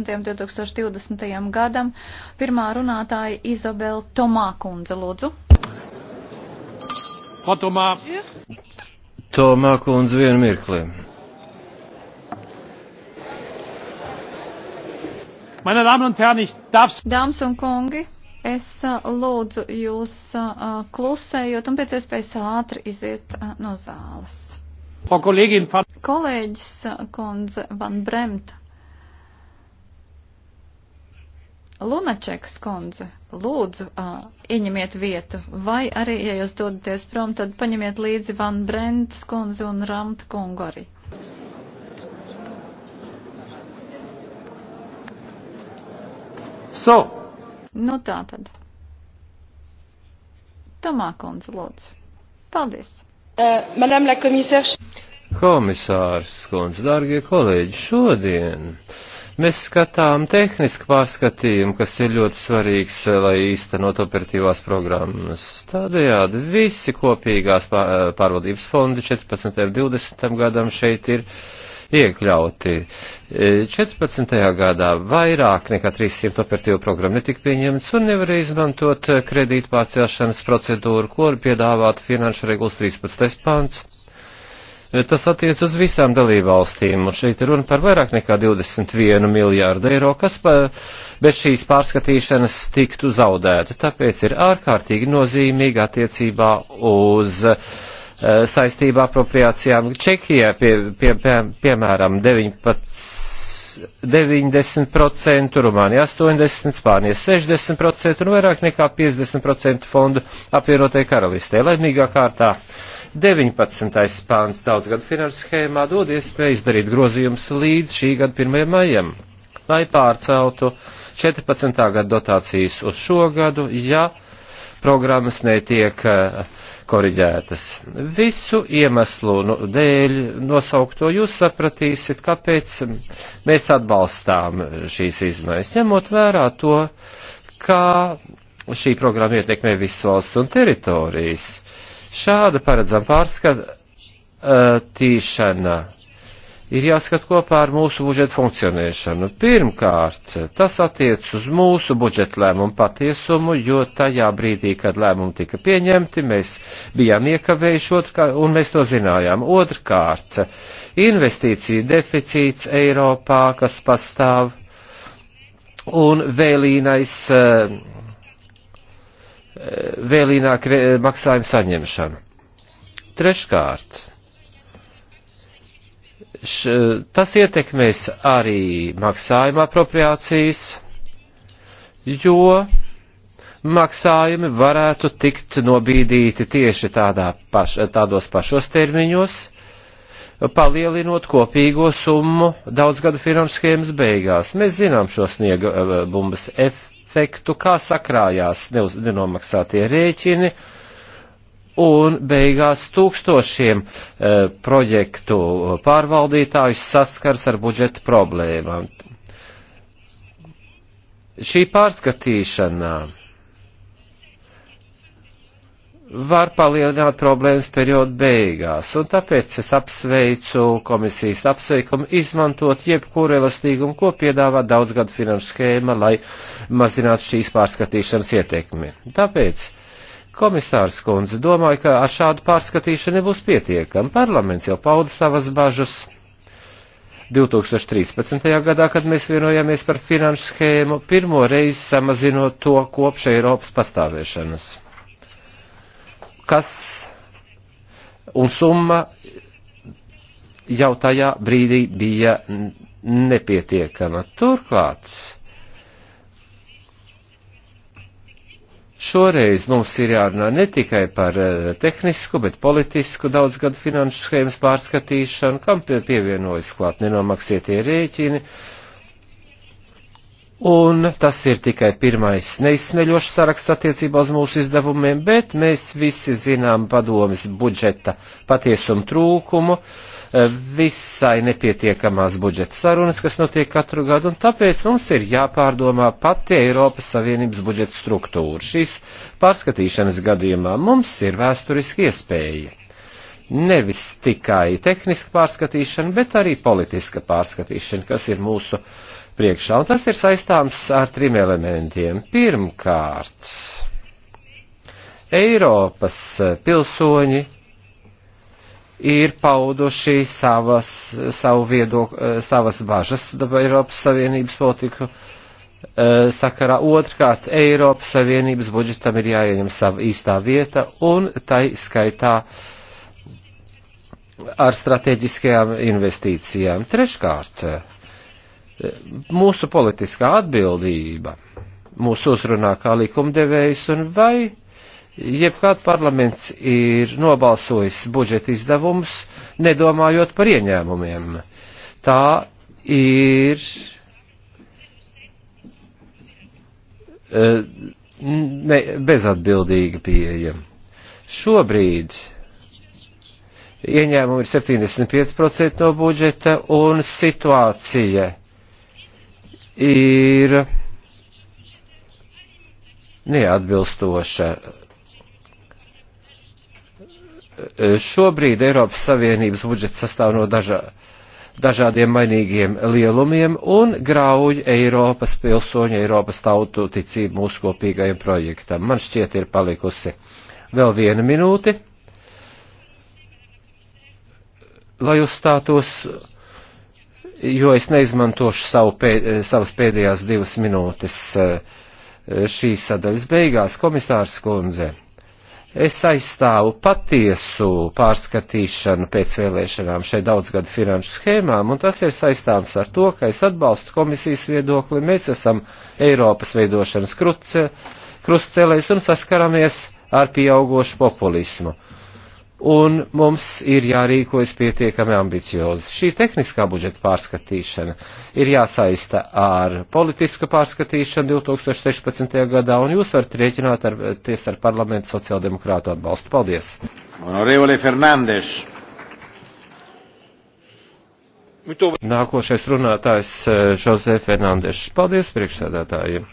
2020. gadam. Pirmā runātāja Izabela Tomā kundze, lūdzu. Tomā. Tomā kundze vienu mirkli. Meine Damen und Herren, ich darf... Dāmas un kungi, es lūdzu jūs klusējot un pēc iespējas ātri iziet no zāles. Kolēģis kundze Van Bremta Lunačeks kundze, lūdzu, uh, ieņemiet vietu, vai arī, ja jūs dodaties prom, tad paņemiet līdzi Van Brents kundzi un Ramta kungu arī. So. Nu tā tad. Tomā kundze, lūdzu. Paldies. Uh, Madame la komisārs. Komisārs kundze, dārgie kolēģi, šodien. Uh, Mēs skatām tehnisku pārskatījumu, kas ir ļoti svarīgs, eh, lai īstenot operatīvās programmas. Tādējādi visi kopīgās eh, pārvaldības fondi 14. un 20. gadam šeit ir iekļauti. 14. Eh, gadā vairāk nekā 300 operatīvu programmu netika pieņemts un nevarēja izmantot kredītu pārcelšanas procedūru, ko piedāvātu finanšu regulas 13. pants Tas attiec uz visām dalībvalstīm, un šeit ir runa par vairāk nekā 21 miljārdu eiro, kas pa, bez šīs pārskatīšanas tiktu zaudēta. Tāpēc ir ārkārtīgi nozīmīgi attiecībā uz eh, saistībā apropriācijām. Čekijā, pie, pie, pie, piemēram, 19. 90%, Rumānija 80%, Spānija 60% un vairāk nekā 50% fondu apvienotajai karalistē. Laimīgā kārtā uh, 19. pāns daudzgadu finanšu schēmā dod iespēju izdarīt grozījumus līdz šī gada 1. maijam, lai pārceltu 14. gada dotācijas uz šo gadu, ja programmas netiek eh, koriģētas. Visu iemeslu no, nu, dēļ nosaukto jūs sapratīsiet, kāpēc mēs atbalstām šīs izmaiņas, ņemot vērā to, kā šī programma ietekmē visas valsts un teritorijas Šāda paredzam pārskatīšana ir jāskat kopā ar mūsu budžeta funkcionēšanu. Pirmkārt, tas attiec uz mūsu budžeta lēmumu patiesumu, jo tajā brīdī, kad lēmumi tika pieņemti, mēs bijām iekavējuši otrkārt, un mēs to zinājām. Otrkārt, investīciju deficīts Eiropā, kas pastāv, un vēlīnais uh, eh, vēlīnāk maksājumu saņemšanu. Treškārt, š, tas ietekmēs arī maksājuma apropriācijas, jo maksājumi varētu tikt nobīdīti tieši tādā paš, tādos pašos termiņos, palielinot kopīgo summu daudzgada finanšu schēmas beigās. Mēs zinām šo sniega eh, bumbas efektu efektu, kā sakrājās nenomaksātie rēķini, un beigās tūkstošiem e, projektu pārvaldītājus saskars ar budžeta problēmām. Šī pārskatīšana var palielināt problēmas periodu beigās, un tāpēc es apsveicu komisijas apsveikumu izmantot jebkuru elastīgumu, ko piedāvā daudzgadu finanšu schēma, lai mazinātu šīs pārskatīšanas ietekmi. Tāpēc komisārs kundze domāja, ka ar šādu pārskatīšanu nebūs pietiekama. Parlaments jau pauda savas bažas 2013. gadā, kad mēs vienojāmies par finanšu schēmu, pirmo reizi samazinot to kopš Eiropas pastāvēšanas kas un summa jau tajā brīdī bija nepietiekama. Turklāt šoreiz mums ir jārunā ne tikai par eh, tehnisku, bet politisku daudzgadu finanšu schēmas pārskatīšanu, kam pievienojas klāt nenomaksietie rēķini, uh, Un tas ir tikai pirmais neizsmeļošs saraksts attiecībā uz mūsu izdevumiem, bet mēs visi zinām padomis budžeta patiesumu trūkumu, eh, visai nepietiekamās budžeta sarunas, kas notiek katru gadu, un tāpēc mums ir jāpārdomā pati Eiropas Savienības budžeta struktūra. Šīs pārskatīšanas gadījumā mums ir vēsturiski iespēja nevis tikai tehniska pārskatīšana, bet arī politiska pārskatīšana, kas ir mūsu priekšā, un tas ir saistāms ar trim elementiem. Pirmkārt, Eiropas pilsoņi ir pauduši savas, savu viedok, savas bažas Eiropas Savienības politiku eh, sakarā. Otrkārt, Eiropas Savienības budžetam ir jāieņem sava īstā vieta, un tai skaitā ar strateģiskajām investīcijām. Treškārt, mūsu politiskā atbildība, mūsu uzrunā kā likumdevējs un vai jebkād parlaments ir nobalsojis budžeta izdevumus, nedomājot par ieņēmumiem. Tā ir e, ne, bezatbildīga pieeja. Šobrīd ieņēmumi ir 75% no budžeta un situācija ir neatbilstoša. Šobrīd Eiropas Savienības budžets sastāv no dažā, dažādiem mainīgiem lielumiem un grauj Eiropas pilsoņu, Eiropas tautu ticību mūsu kopīgajam projektam. Man šķiet ir palikusi vēl viena minūte, lai uzstātos jo es neizmantošu savu pē, savas pēdējās divas minūtes e, e, šīs sadaļas beigās, komisārs kundze. Es aizstāvu patiesu pārskatīšanu pēc vēlēšanām šai daudzgada finanšu schēmām, un tas ir saistāms ar to, ka es atbalstu komisijas viedokli, mēs esam Eiropas veidošanas krustcelēs un saskaramies ar pieaugošu populismu un mums ir jārīkojas pietiekami ambiciozi. Šī tehniskā budžeta pārskatīšana ir jāsaista ar politisku pārskatīšanu 2016. gadā, un jūs varat rēķināt ar, ties ar parlamentu sociāldemokrātu atbalstu. Paldies! Honorevole Fernandes! Nākošais runātājs Žozē eh, Fernandes. Paldies priekšsēdētājiem!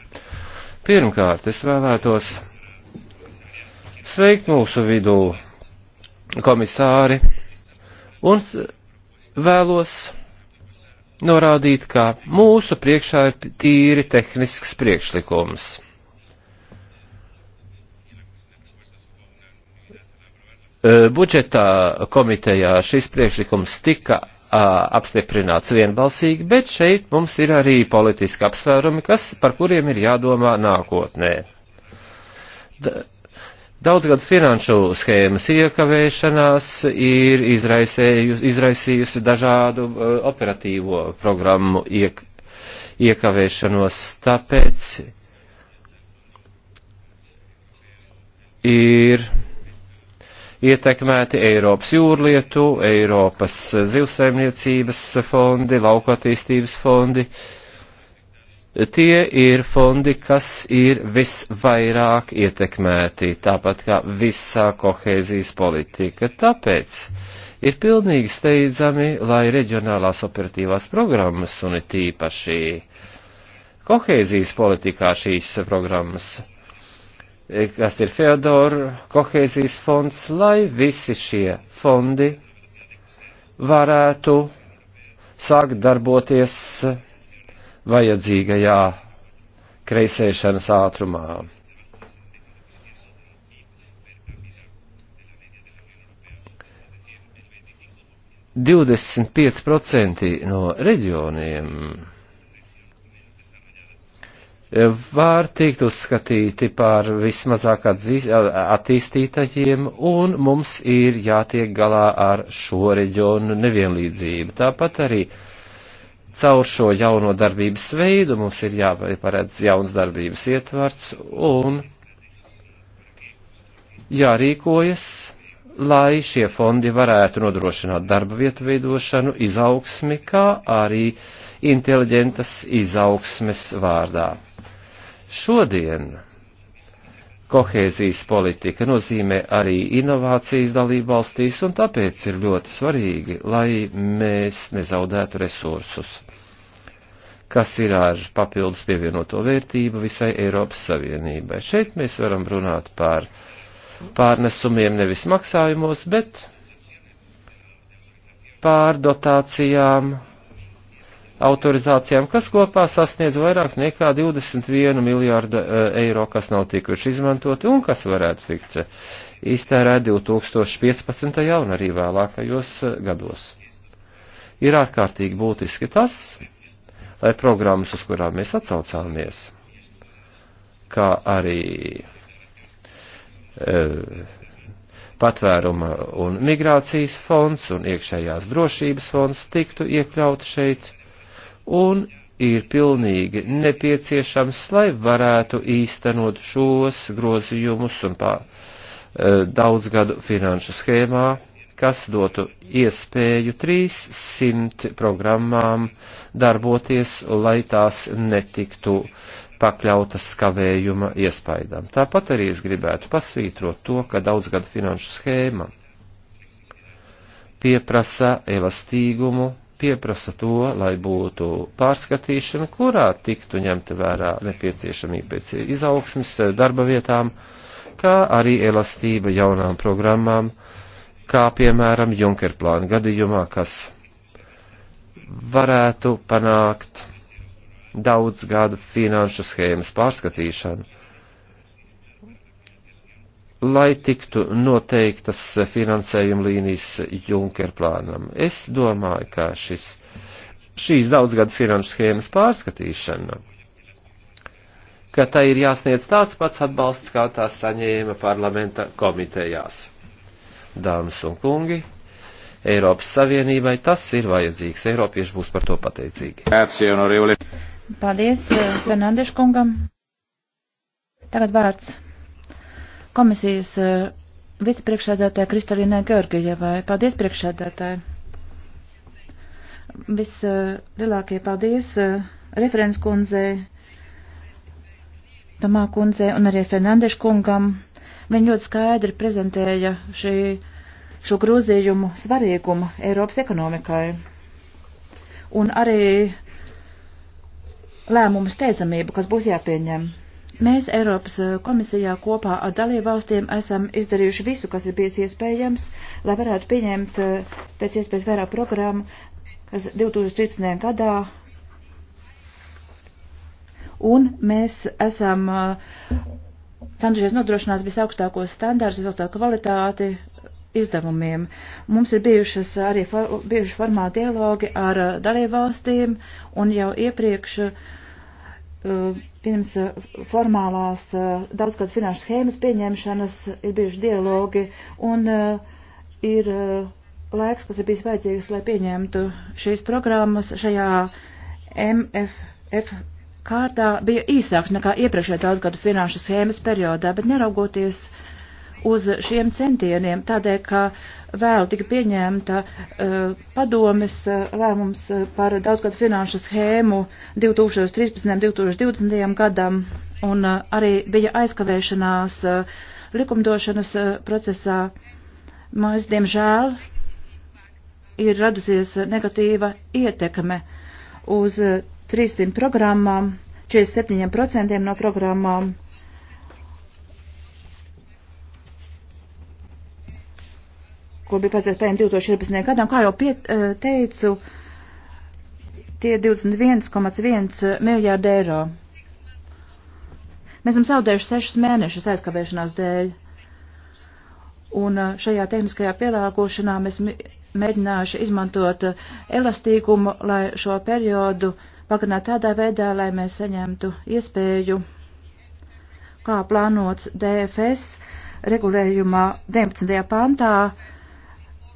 Pirmkārt, es vēlētos sveikt mūsu vidū komisāri, un vēlos norādīt, ka mūsu priekšā ir tīri tehnisks priekšlikums. E, budžetā komitejā šis priekšlikums tika apstiprināts vienbalsīgi, bet šeit mums ir arī politiski apsvērumi, kas, par kuriem ir jādomā nākotnē. D Daudzgad finanšu schēmas iekavēšanās ir izraisījusi dažādu uh, operatīvo programmu iek, iekavēšanos, tāpēc ir ietekmēti Eiropas jūrlietu, Eiropas zivsaimniecības fondi, lauka attīstības fondi. Uh, tie ir fondi, kas ir visvairāk ietekmēti, tāpat kā visā kohēzijas politika. Tāpēc ir pilnīgi steidzami, lai reģionālās operatīvās programmas un it īpaši kohēzijas politikā šīs programmas, kas ir Feodora kohēzijas fonds, lai visi šie fondi varētu sākt darboties vajadzīgajā kreisēšanas ātrumā. Divdesmit pieci procenti no reģioniem var tikt uzskatīti par vismazāk attīstītajiem, un mums ir jātiek galā ar šo reģionu nevienlīdzību. Tāpat arī uh, caur šo jauno darbības veidu mums ir jāparedz jauns darbības ietvarts un jārīkojas, lai šie fondi varētu nodrošināt darba vietu veidošanu, izaugsmi, kā arī inteliģentas izaugsmes vārdā. Šodien kohēzijas politika nozīmē arī inovācijas dalību valstīs, un tāpēc ir ļoti svarīgi, lai mēs nezaudētu resursus kas ir ar papildus pievienoto vērtību visai Eiropas Savienībai. Šeit mēs varam runāt par pārnesumiem nevis maksājumos, bet pārdotācijām, autorizācijām, kas kopā sasniedz vairāk nekā 21 miljārdu e, eiro, kas nav tikuši izmantoti un kas varētu tikt iztērēt 2015. un arī vēlākajos e, gados. Ir ārkārtīgi būtiski tas, lai programmas, uz kurām mēs atsaucāmies, kā arī e, patvēruma un migrācijas fonds un iekšējās drošības fonds tiktu iekļaut šeit un ir pilnīgi nepieciešams, lai varētu īstenot šos grozījumus un pā, e, daudzgadu finanšu schēmā kas dotu iespēju 300 programmām darboties, lai tās netiktu pakļautas skavējuma iespaidām. Tāpat arī es gribētu pasvītrot to, ka daudzgada finanšu schēma pieprasa elastīgumu, pieprasa to, lai būtu pārskatīšana, kurā tiktu ņemta vērā nepieciešamība pēc izaugsmes darba vietām, kā arī elastība jaunām programmām, kā piemēram Junker plāna gadījumā, kas varētu panākt daudz gadu finanšu schēmas pārskatīšanu, lai tiktu noteiktas finansējuma līnijas Junker plānam. Es domāju, ka šis, šīs daudz gadu finanšu schēmas pārskatīšana ka tai ir jāsniedz tāds pats atbalsts, kā tās saņēma parlamenta komitejās dāmas un kungi. Eiropas Savienībai tas ir vajadzīgs. Eiropieši būs par to pateicīgi. Paldies eh, Fernandešu kungam. Tagad vārds komisijas eh, vicepriekšsēdētāja Kristalīnai Georgijevai. Paldies priekšsēdētāji. Vislielākie eh, paldies referents kundzei, Tomā kundzei un arī Fernandešu kungam Viņa ļoti skaidri prezentēja šī, šo grozījumu svarīgumu Eiropas ekonomikai. Un arī lēmumu steidzamību, kas būs jāpieņem. Mēs Eiropas eh, komisijā kopā ar dalībvalstīm esam izdarījuši visu, kas ir bijis iespējams, lai varētu pieņemt eh, pēc iespējas vairāk programmu, kas 2013. gadā. Un mēs esam eh, centušies nodrošināt visaugstākos standārus, visaugstāko kvalitāti izdevumiem. Mums ir bijušas arī for, bijuši formāli dialogi ar uh, dalībvalstīm un jau iepriekš uh, pirms uh, formālās daudzgad finanšu schēmas pieņemšanas ir bijuši dialogi un ir laiks, kas ir bijis vajadzīgs, lai pieņemtu šīs programmas šajā MFF kārtā bija īsāks nekā iepriekšējā daudzgadu finanšu schēmas periodā, bet neraugoties uz šiem centieniem, tādēļ, ka vēl tika pieņemta uh, padomes uh, lēmums uh, par daudzgadu finanšu schēmu 2013-2020 gadam, un uh, arī bija aizkavēšanās uh, likumdošanas uh, procesā. Mēs, diemžēl, ir radusies negatīva ietekme uz uh, 300 programmām, 47% no programmām. ko bija paredzēts pēc 2014. gadam, kā jau piet, eh, teicu, tie 21,1 miljārdi eiro. Mēs esam zaudējuši sešus mēnešus aizkavēšanās dēļ. Un šajā tehniskajā pielāgošanā mēs mēģināšu izmantot elastīgumu, lai šo periodu pagarināt tādā veidā, lai mēs saņemtu iespēju, kā plānots DFS regulējumā 19. pantā,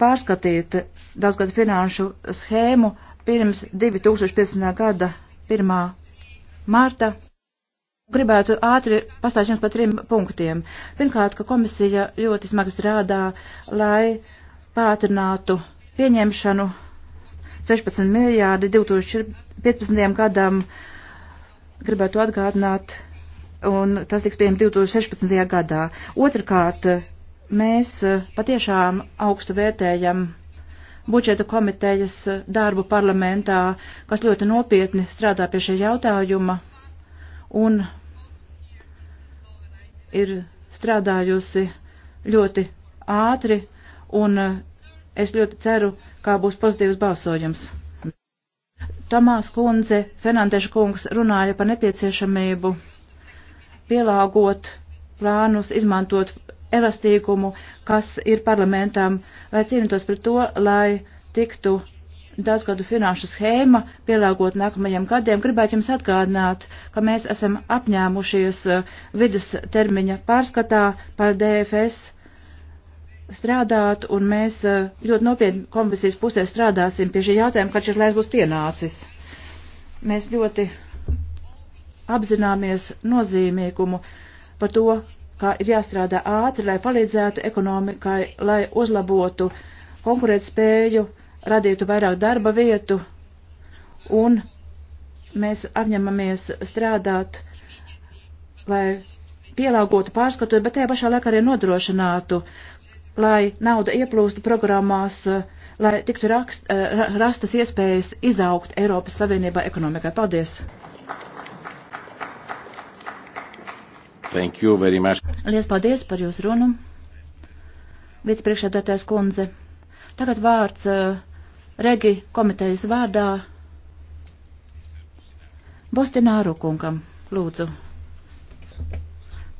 pārskatīt daudzgadu finanšu schēmu pirms 2015. gada 1. marta gribētu ātri pastāstīt jums par trim punktiem. Pirmkārt, ka komisija ļoti smagi strādā, lai pātrinātu pieņemšanu 16 miljārdi 2015. gadam, gribētu atgādināt, un tas tiks pieņemts 2016. gadā. Otrakārt, mēs e, patiešām augstu vērtējam budžeta komitejas e, darbu parlamentā, kas ļoti nopietni strādā pie šī jautājuma un ir strādājusi ļoti ātri, un eh, es ļoti ceru, kā būs pozitīvs balsojums. Tamās kundze, Fernandeša kungs runāja par nepieciešamību pielāgot plānus, izmantot elastīgumu, kas ir parlamentam, lai cīnītos par to, lai tiktu daudzgadu finanšu schēma pielāgot nākamajiem gadiem, gribētu jums atgādināt, ka mēs esam apņēmušies eh, vidustermiņa pārskatā par DFS strādāt, un mēs eh, ļoti nopietni komisijas pusē strādāsim pie šī jautājuma, kad šis laiks būs pienācis. Mēs ļoti apzināmies nozīmīgumu par to, ka ir jāstrādā ātri, lai palīdzētu ekonomikai, lai uzlabotu konkurētspēju spēju radītu vairāk darba vietu, un mēs apņemamies strādāt, lai pielāgotu pārskatu, bet tajā pašā laikā arī nodrošinātu, lai nauda ieplūstu programmās, lai tiktu rakst, eh, rastas iespējas izaugt Eiropas Savienībā ekonomikai. Paldies! Thank you very much. Lies paldies par jūsu runu. Vicepriekšēdētājs kundze. Tagad vārds uh, Regi komitejas vārdā Bostināru kungam. Lūdzu.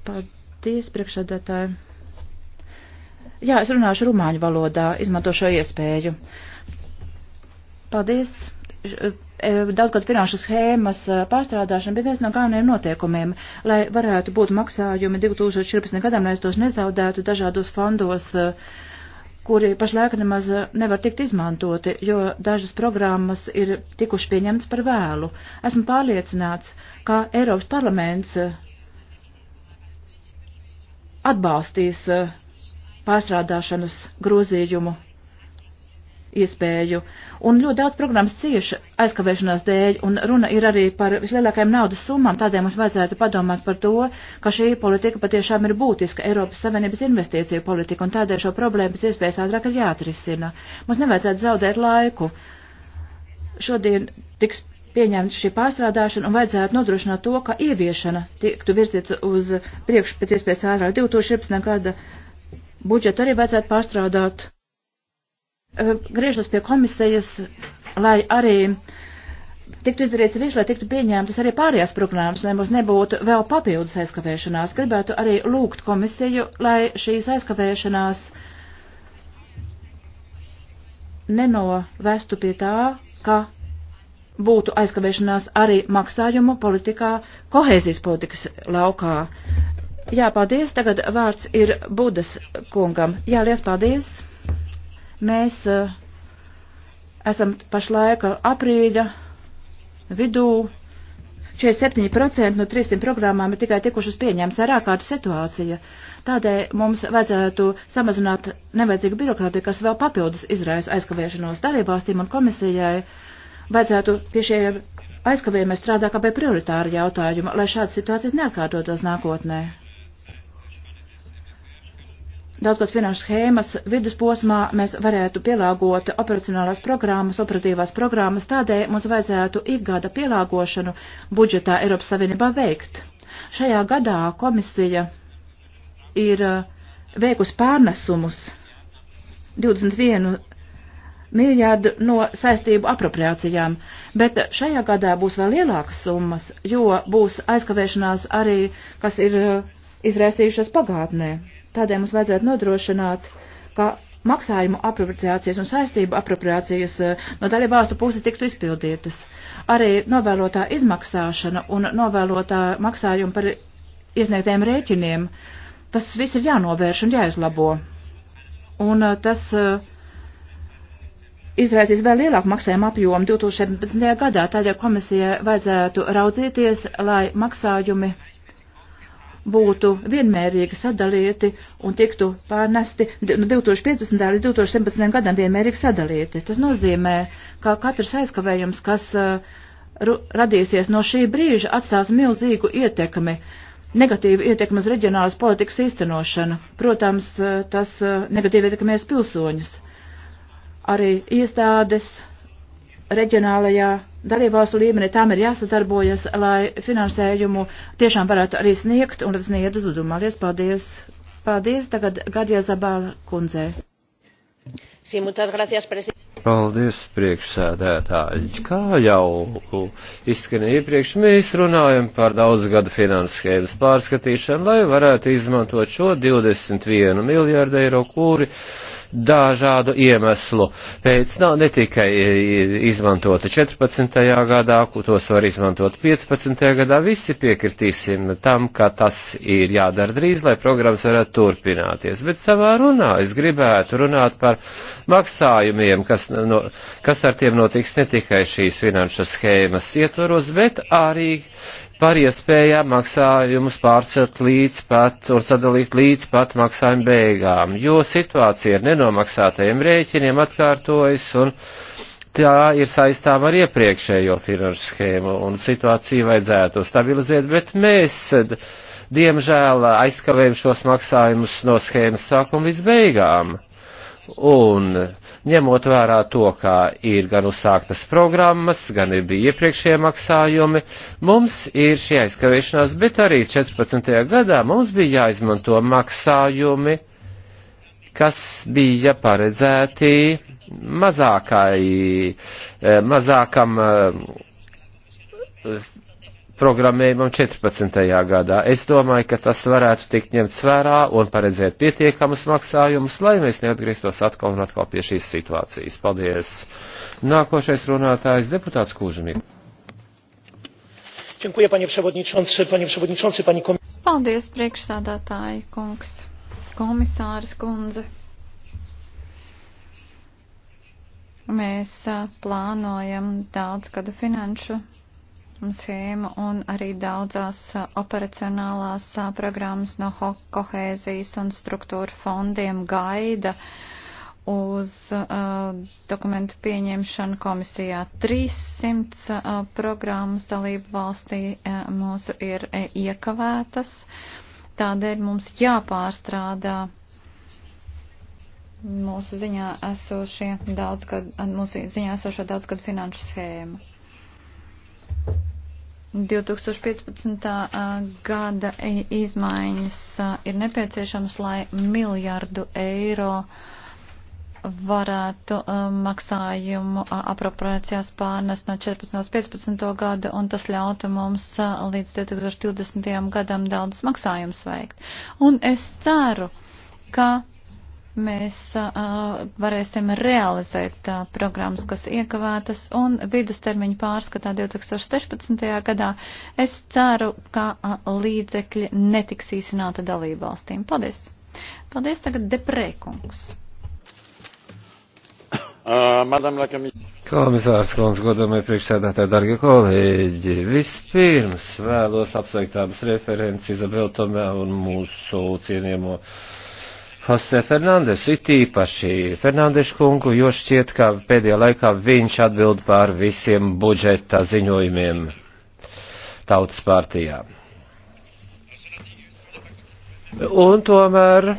Paldies, priekšsēdētāji. Jā, es runāšu rumāņu valodā, izmanto šo iespēju. Paldies e, daudzgad finanšu schēmas e, pārstrādāšana bija viens no galvenajiem noteikumiem, lai varētu būt maksājumi 2014. gadam, lai es tos nezaudētu dažādos fondos. Uh, kuri pašlaik nemaz nevar tikt izmantoti, jo dažas programmas ir tikuši pieņemts par vēlu. Esmu pārliecināts, ka Eiropas parlaments eh, atbalstīs eh, pārstrādāšanas grozījumu iespēju. Un ļoti daudz programmas cieši aizkavēšanās dēļ, un runa ir arī par vislielākajām naudas summām, tādēļ mums vajadzētu padomāt par to, ka šī politika patiešām ir būtiska Eiropas Savienības investīciju politika, un tādēļ šo problēmu pēc iespējas ātrāk ir jāatrisina. Mums nevajadzētu zaudēt laiku. Šodien tiks pieņemta šī pārstrādāšana un vajadzētu nodrošināt to, ka ieviešana tiktu virzīta uz priekšu pēc iespējas ātrāk. 2017. gada budžetu arī vajadzētu pārstrādāt Eh, griežos pie komisijas, lai arī tiktu izdarīts viss, lai tiktu pieņemtas arī pārējās programmas, lai mums nebūtu vēl papildus aizkavēšanās. Gribētu arī lūgt komisiju, lai šīs aizkavēšanās nenovestu pie tā, ka būtu aizkavēšanās arī maksājumu politikā, kohēzijas politikas laukā. Jā, paldies. Tagad vārds ir Budas kungam. Jā, liels paldies. Mēs uh, esam pašlaika aprīļa vidū. 47% no 300 programmām ir tikai tikušas pieņemts ar ārkārtas situācija. Tādēļ mums vajadzētu samazināt nevajadzīgu birokrātiju, kas vēl papildus izraisa aizkavēšanos dalībvalstīm un komisijai. Vajadzētu pie šiem aizkavējumiem strādāt kā pie prioritāra jautājuma, lai šādas situācijas neatkārtotos nākotnē daudzgad finanšu schēmas vidusposmā mēs varētu pielāgot operacionālās programmas, operatīvās programmas, tādēļ mums vajadzētu ikgada pielāgošanu budžetā Eiropas Savienībā veikt. Šajā gadā komisija ir uh, veikusi pārnesumus 21 miljārdu no saistību apropriācijām, bet šajā gadā būs vēl lielākas summas, jo būs aizkavēšanās arī, kas ir uh, izraisījušas pagātnē. Tādēļ mums vajadzētu nodrošināt, ka maksājumu apropriācijas un saistību apropriācijas eh, no dalībvalstu puses tiktu izpildītas. Arī novēlotā izmaksāšana un novēlotā maksājuma par iesniegtiem rēķiniem, tas viss ir jānovērš un jāizlabo. Un eh, tas eh, izraisīs vēl lielāku maksājumu apjomu 2017. gadā, tādēļ komisija vajadzētu raudzīties, lai maksājumi būtu vienmērīgi sadalīti un tiktu pārnesti no 2015. līdz 2017. gadam vienmērīgi sadalīti. Tas nozīmē, ka katrs aizkavējums, kas uh, radīsies no šī brīža, atstās milzīgu ietekmi, negatīvu ietekmi uz reģionālas politikas īstenošanu. Protams, uh, tas uh, negatīvi ietekmēs pilsoņus. Arī iestādes, reģionālajā dalībvalstu līmenī tām ir jāsadarbojas, lai finansējumu tiešām varētu arī sniegt un sniegt uzudumā. Lies, paldies! Paldies! Tagad Gadija Zabāla kundzē. Sí, muchas gracias, presidente. Paldies, priekšsēdētāji. Kā jau izskanēja iepriekš, mēs runājam par daudzgada finanses schēmas pārskatīšanu, lai varētu izmantot šo 21 miljārdu eiro, kuri dažādu iemeslu pēc nav ne tikai e, izmantota 14. gadā, tos var izmantot 15. gadā, visi piekritīsim tam, ka tas ir jādara drīz, lai programmas varētu turpināties. Bet savā runā es gribētu runāt par maksājumiem, kas, no, kas ar tiem notiks ne tikai šīs finanšu schēmas ietvaros, bet arī par iespējām maksājumus pārcelt līdz pat un sadalīt līdz pat maksājumu beigām, jo situācija ar nenomaksātajiem rēķiniem atkārtojas un tā ir saistām ar iepriekšējo finanšu schēmu un situāciju vajadzētu stabilizēt, bet mēs, diemžēl, aizkavējam šos maksājumus no schēmas sākuma līdz beigām. Un ņemot vērā to, kā ir gan uzsāktas programmas, gan ir bija iepriekšējie maksājumi, mums ir šī aizkavēšanās, bet arī 14. gadā mums bija jāizmanto maksājumi, kas bija paredzēti mazākai, eh, mazākam eh, programmējumam 14. gadā. Es domāju, ka tas varētu tikt ņemts vērā un paredzēt pietiekamus maksājumus, lai mēs neatgrieztos atkal un atkal pie šīs situācijas. Paldies! Nākošais runātājs deputāts Kūžumī. Paldies, priekšsādātāji kungs, komisāris kundze. Mēs plānojam daudz gadu finanšu izaugsmas schēma un arī daudzās operacionālās programmas no kohēzijas un struktūra fondiem gaida uz uh, dokumentu pieņemšanu komisijā. 300 uh, programmas dalību valstī uh, mūsu ir uh, iekavētas, tādēļ mums jāpārstrādā mūsu ziņā esošie daudzgad, mūsu ziņā esošo daudzgad finanšu schēmu. 2015. gada izmaiņas ir nepieciešamas, lai miljardu eiro varētu maksājumu apropriācijās pārnest no 14. uz 15. gadu, un tas ļautu mums līdz 2020. gadam daudz maksājumus veikt. Un es ceru, ka mēs uh, varēsim realizēt uh, programmas, kas iekavētas, un vidustermiņu pārskatā 2016. gadā es ceru, ka uh, līdzekļi netiks īsināti dalību valstīm. Paldies! Paldies tagad deprēkungs. Komisārs Kons, godamie priekšsēdētāji, dargie kolēģi, vispirms vēlos apsveikt abas referents Izabela Tomē un mūsu cienījamo uh, Jose Fernandesu, it īpaši Fernandešu kungu, jo šķiet, ka pēdējā laikā viņš atbild pār visiem budžeta ziņojumiem tautas partijā. Un tomēr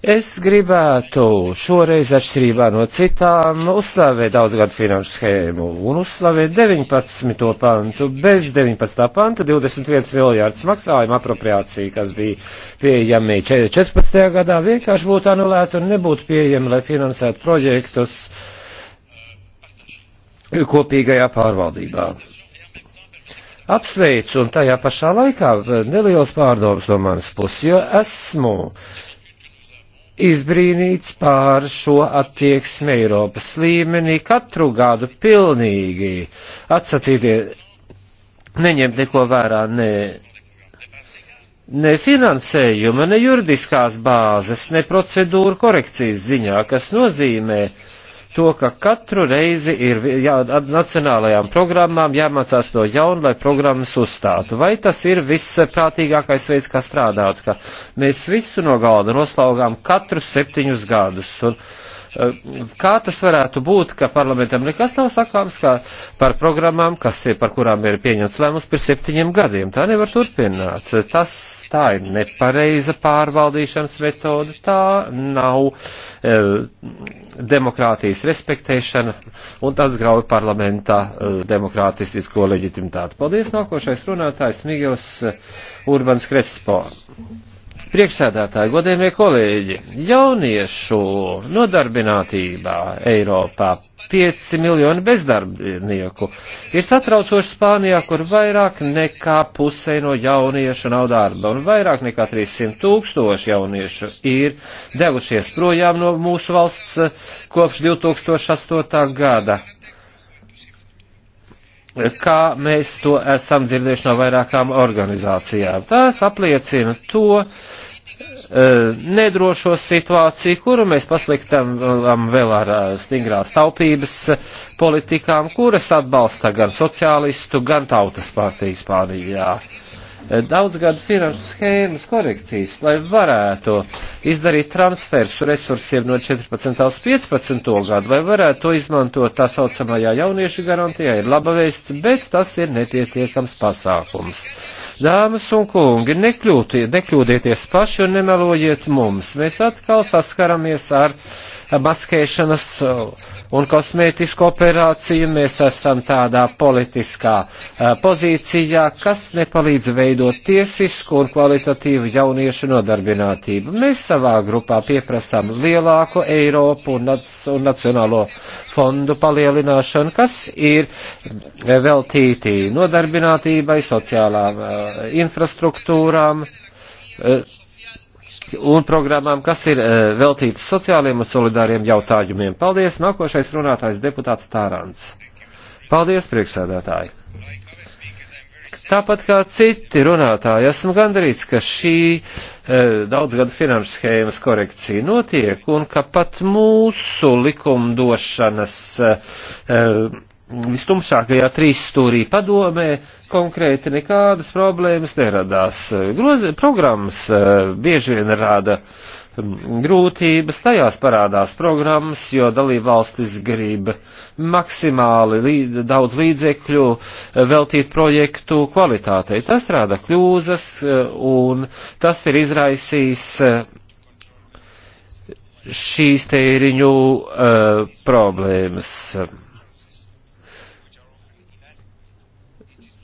Es gribētu šoreiz atšķirībā no citām uzslavēt daudzgadu finanšu schēmu un uzslavēt 19. pantu. Bez 19. panta 21 miljārds maksājuma apropriācija, kas bija pieejami 14. gadā, vienkārši būtu anulēta un nebūtu pieejama, lai finansētu projektus kopīgajā pārvaldībā. Apsveicu un tajā pašā laikā neliels pārdoms no manas puses, jo esmu izbrīnīts pār šo attieksmi Eiropas līmenī katru gadu pilnīgi atsacīties, neņemt neko vērā, ne, ne finansējuma, ne juridiskās bāzes, ne procedūru korekcijas ziņā, kas nozīmē, to, ka katru reizi ir jā, nacionālajām programmām jāmācās no jauna, lai programmas uzstātu. Vai tas ir visprātīgākais veids, kā strādāt, ka mēs visu no galda noslaugām katru septiņus gadus? Un, uh, Eh, kā tas varētu būt, ka parlamentam nekas nav sakāms kā par programmām, kas ir, par kurām ir pieņemts lēmums pirms septiņiem gadiem? Tā nevar turpināt. Tas tā ir nepareiza pārvaldīšanas metode, tā nav e, demokrātijas respektēšana, un tas grauj parlamentā e, eh, demokrātisko leģitimitāti. Paldies, nākošais runātājs Migels Urbans Krespo. Priekšsēdētāji, godējumie kolēģi, jauniešu nodarbinātībā Eiropā 5 miljoni bezdarbnieku ir satraucoši Spānijā, kur vairāk nekā pusē no jauniešu nav darba un vairāk nekā 300 tūkstoši jauniešu ir devušies projām no mūsu valsts eh, kopš 2008. gada kā mēs to esam dzirdējuši no vairākām organizācijām. Tās apliecina to, uh, E, nedrošo situāciju, kuru mēs pasliktam vēl ar e, stingrās taupības politikām, kuras atbalsta gan sociālistu, gan tautas partijas Spānijā. E, Daudzgadu finanšu schēmas korekcijas, lai varētu izdarīt transfers resursiem no 14. uz 15. gadu, vai varētu to izmantot tā saucamajā jauniešu garantijā, ir laba vēsts, bet tas ir nepietiekams pasākums. Dāmas un kungi, nekļūdieties paši un nemelojiet mums. Mēs atkal saskaramies ar maskēšanas uh, un kosmētisku operāciju. Mēs esam tādā politiskā uh, pozīcijā, kas nepalīdz veidot tiesisku un kvalitatīvu jauniešu nodarbinātību. Mēs savā grupā pieprasām lielāku Eiropu un, nac un nacionālo fondu palielināšanu, kas ir veltīti nodarbinātībai, sociālām uh, infrastruktūrām un programmām, kas ir eh, veltītas sociāliem un solidāriem jautājumiem. Paldies! Nākošais runātājs deputāts Tārants. Paldies, priekšsēdētāji! Tāpat kā citi runātāji, esmu gandarīts, ka šī e, daudzgada finanšu schēmas korekcija notiek un ka pat mūsu likumdošanas e, vistumšākajā trīsstūrī padomē konkrēti nekādas problēmas neradās. Grozi, programmas eh, bieži vien rāda mm, grūtības, tajās parādās programmas, jo dalībvalstis grib maksimāli līd, daudz līdzekļu eh, veltīt projektu kvalitātei. Tas rāda kļūzas eh, un tas ir izraisījis šīs tēriņu uh, problēmas.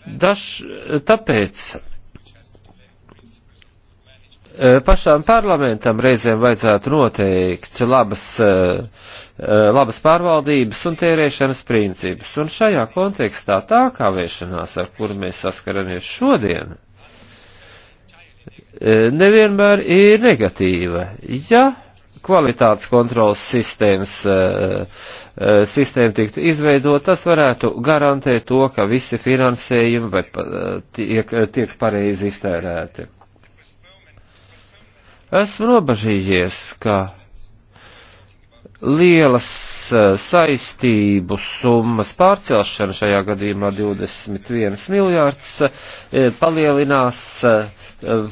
Daž, tāpēc e, pašām parlamentam reizēm vajadzētu noteikt labas, e, e, labas pārvaldības un tērēšanas principus. Un šajā kontekstā tā kā vēršanās, ar kuru mēs saskaramies šodien, nevienmēr ir negatīva. Ja kvalitātes kontrolas sistēmas uh, E, sistēma tiktu izveidot, tas varētu garantēt to, ka visi finansējumi vai e, tiek, e, tiek pareizi iztērēti. Esmu nobažījies, ka lielas saistību summas pārcelšana šajā gadījumā 21 miljārds palielinās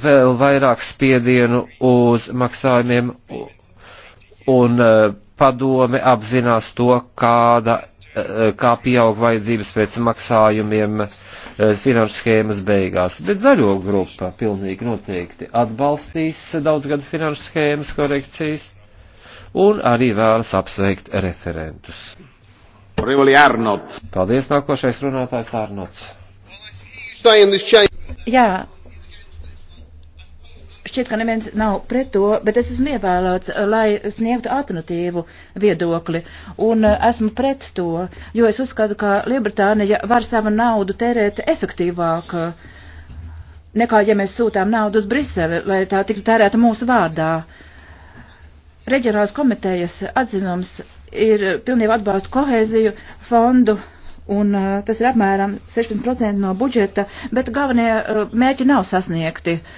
vēl vairāk spiedienu uz maksājumiem un padome apzinās to, kāda, eh, kā pieaug vajadzības pēc maksājumiem eh, finanšu schēmas beigās. Bet zaļo grupa pilnīgi noteikti atbalstīs daudzgadu finanšu schēmas korekcijas un arī vēlas apsveikt referentus. Paldies, nākošais runātājs Arnots. Jā, Šķiet, ka neviens nav pret to, bet es esmu ievēlēts, eh, lai sniegtu alternatīvu viedokli. Un eh, esmu pret to, jo es uzskatu, ka Lielbritānija var savu naudu tērēt efektīvāk eh, nekā, ja mēs sūtām naudu uz Briseli, lai tā tiktu tērēta mūsu vārdā. Reģionālās komitejas atzinums ir pilnībā atbalstu kohēziju fondu un uh, tas ir apmēram 16% no budžeta, bet galvenie uh, mērķi nav sasniegti. Uh,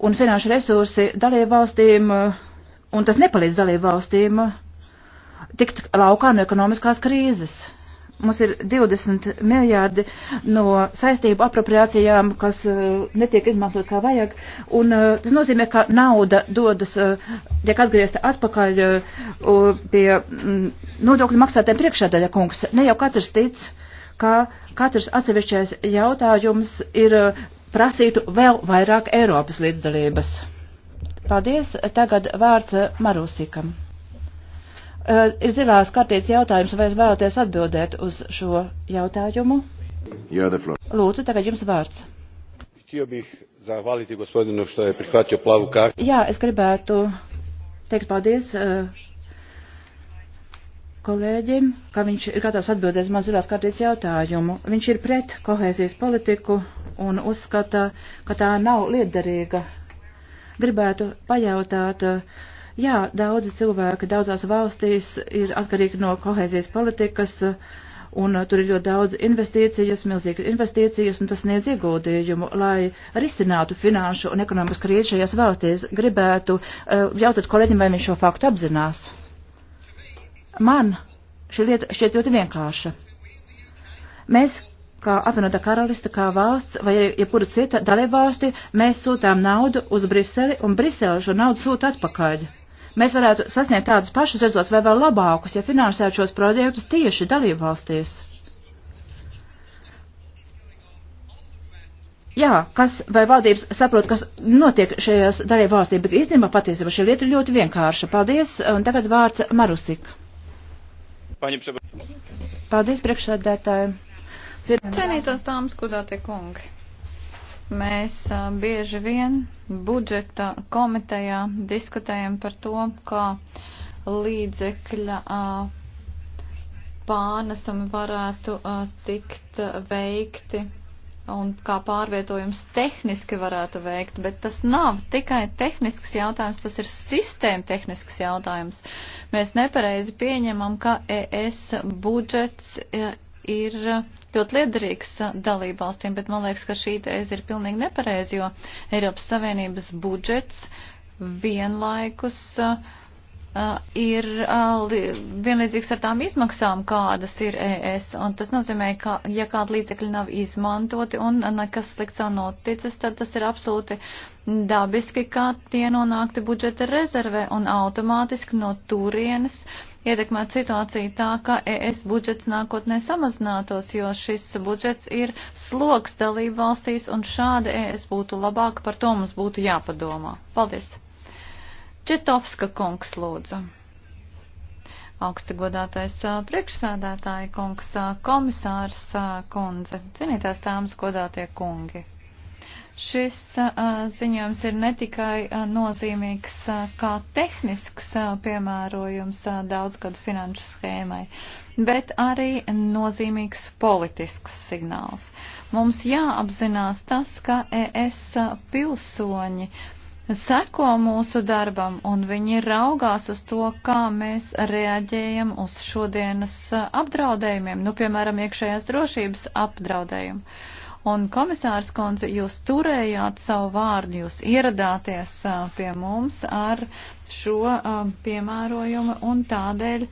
un finanšu resursi dalību valstīm, eh, un tas nepalīdz dalību valstīm eh, tikt laukā no ekonomiskās krīzes. Mums ir 20 miljārdi no saistību apropriācijām, kas eh, netiek izmantot kā vajag, un tas nozīmē, ka nauda dodas, tiek atgriezta atpakaļ pie mm, nodokļu maksātēm priekšādaļa kungs. Ne jau katrs tic, ka katrs atsevišķais jautājums ir prasītu vēl vairāk Eiropas līdzdalības. Paldies. Tagad vārds Marusikam. Uh, ir zilās kartītes jautājums, vai es vēlaties atbildēt uz šo jautājumu? Lūdzu, tagad jums vārds. Jā, es gribētu teikt paldies uh, kolēģim, ka viņš ir gatavs atbildēt mazilās kārtības jautājumu. Viņš ir pret kohēzijas politiku un uzskata, ka tā nav liederīga. Gribētu pajautāt, jā, daudzi cilvēki daudzās valstīs ir atkarīgi no kohēzijas politikas, un tur ir ļoti daudz investīcijas, milzīgas investīcijas, un tas sniedz ieguldījumu, lai risinātu finanšu un ekonomisku krīzi šajās valstīs. Gribētu eh, jautāt kolēģim, vai viņš šo faktu apzinās. Man šī lieta šķiet ļoti vienkārša. Mēs, kā atvinota karalista, kā valsts vai jebkura cita dalībvalsti, mēs sūtām naudu uz Briseli un Brisele šo naudu sūta atpakaļ. Mēs varētu sasniegt tādus pašus rezultātus vai vēl labākus, ja finansētu šos projektus tieši dalībvalstīs. jā, kas vai valdības saprot, kas notiek šajās darījuma valstī, bet īstenībā patiesībā šī lieta ir ļoti vienkārša. Paldies, un tagad vārds Marusik. Paldies, priekšsēdētāji. Cienītās dāmas, godātie kungi. Mēs bieži vien budžeta komitejā diskutējam par to, kā līdzekļa pārnesam varētu tikt veikti un kā pārvietojums tehniski varētu veikt, bet tas nav tikai tehnisks jautājums, tas ir sistēma tehnisks jautājums. Mēs nepareizi pieņemam, ka ES budžets e, ir ļoti liederīgs dalībvalstīm, bet man liekas, ka šī tēze ir pilnīgi nepareizi, jo Eiropas Savienības budžets vienlaikus uh, ir vienlīdzīgs ar tām izmaksām, kādas ir ES. Un tas nozīmē, ka ja kāda līdzekļa nav izmantoti un nekas slikts nav noticis, tad tas ir absolūti dabiski, kā tie nonākti budžeta rezervē un automātiski no turienes ietekmē situāciju tā, ka ES budžets nākotnē samazinātos, jo šis budžets ir sloks dalību valstīs un šāda ES būtu labāka, par to mums būtu jāpadomā. Paldies! Četovska kungs lūdzu. Augsti godātais priekšsādātāja kungs, komisārs kundze, cienītās tāmas godātie kungi. Šis ziņojums ir ne tikai nozīmīgs kā tehnisks piemērojums daudzgadu finanšu schēmai, bet arī nozīmīgs politisks signāls. Mums jāapzinās tas, ka ES pilsoņi uh, seko mūsu darbam un viņi raugās uz to, kā mēs reaģējam uz šodienas uh, apdraudējumiem, nu, piemēram, iekšējās drošības apdraudējumu. Un komisārs Konze, jūs turējāt savu vārdu, jūs ieradāties uh, pie mums ar šo um, piemērojumu un tādēļ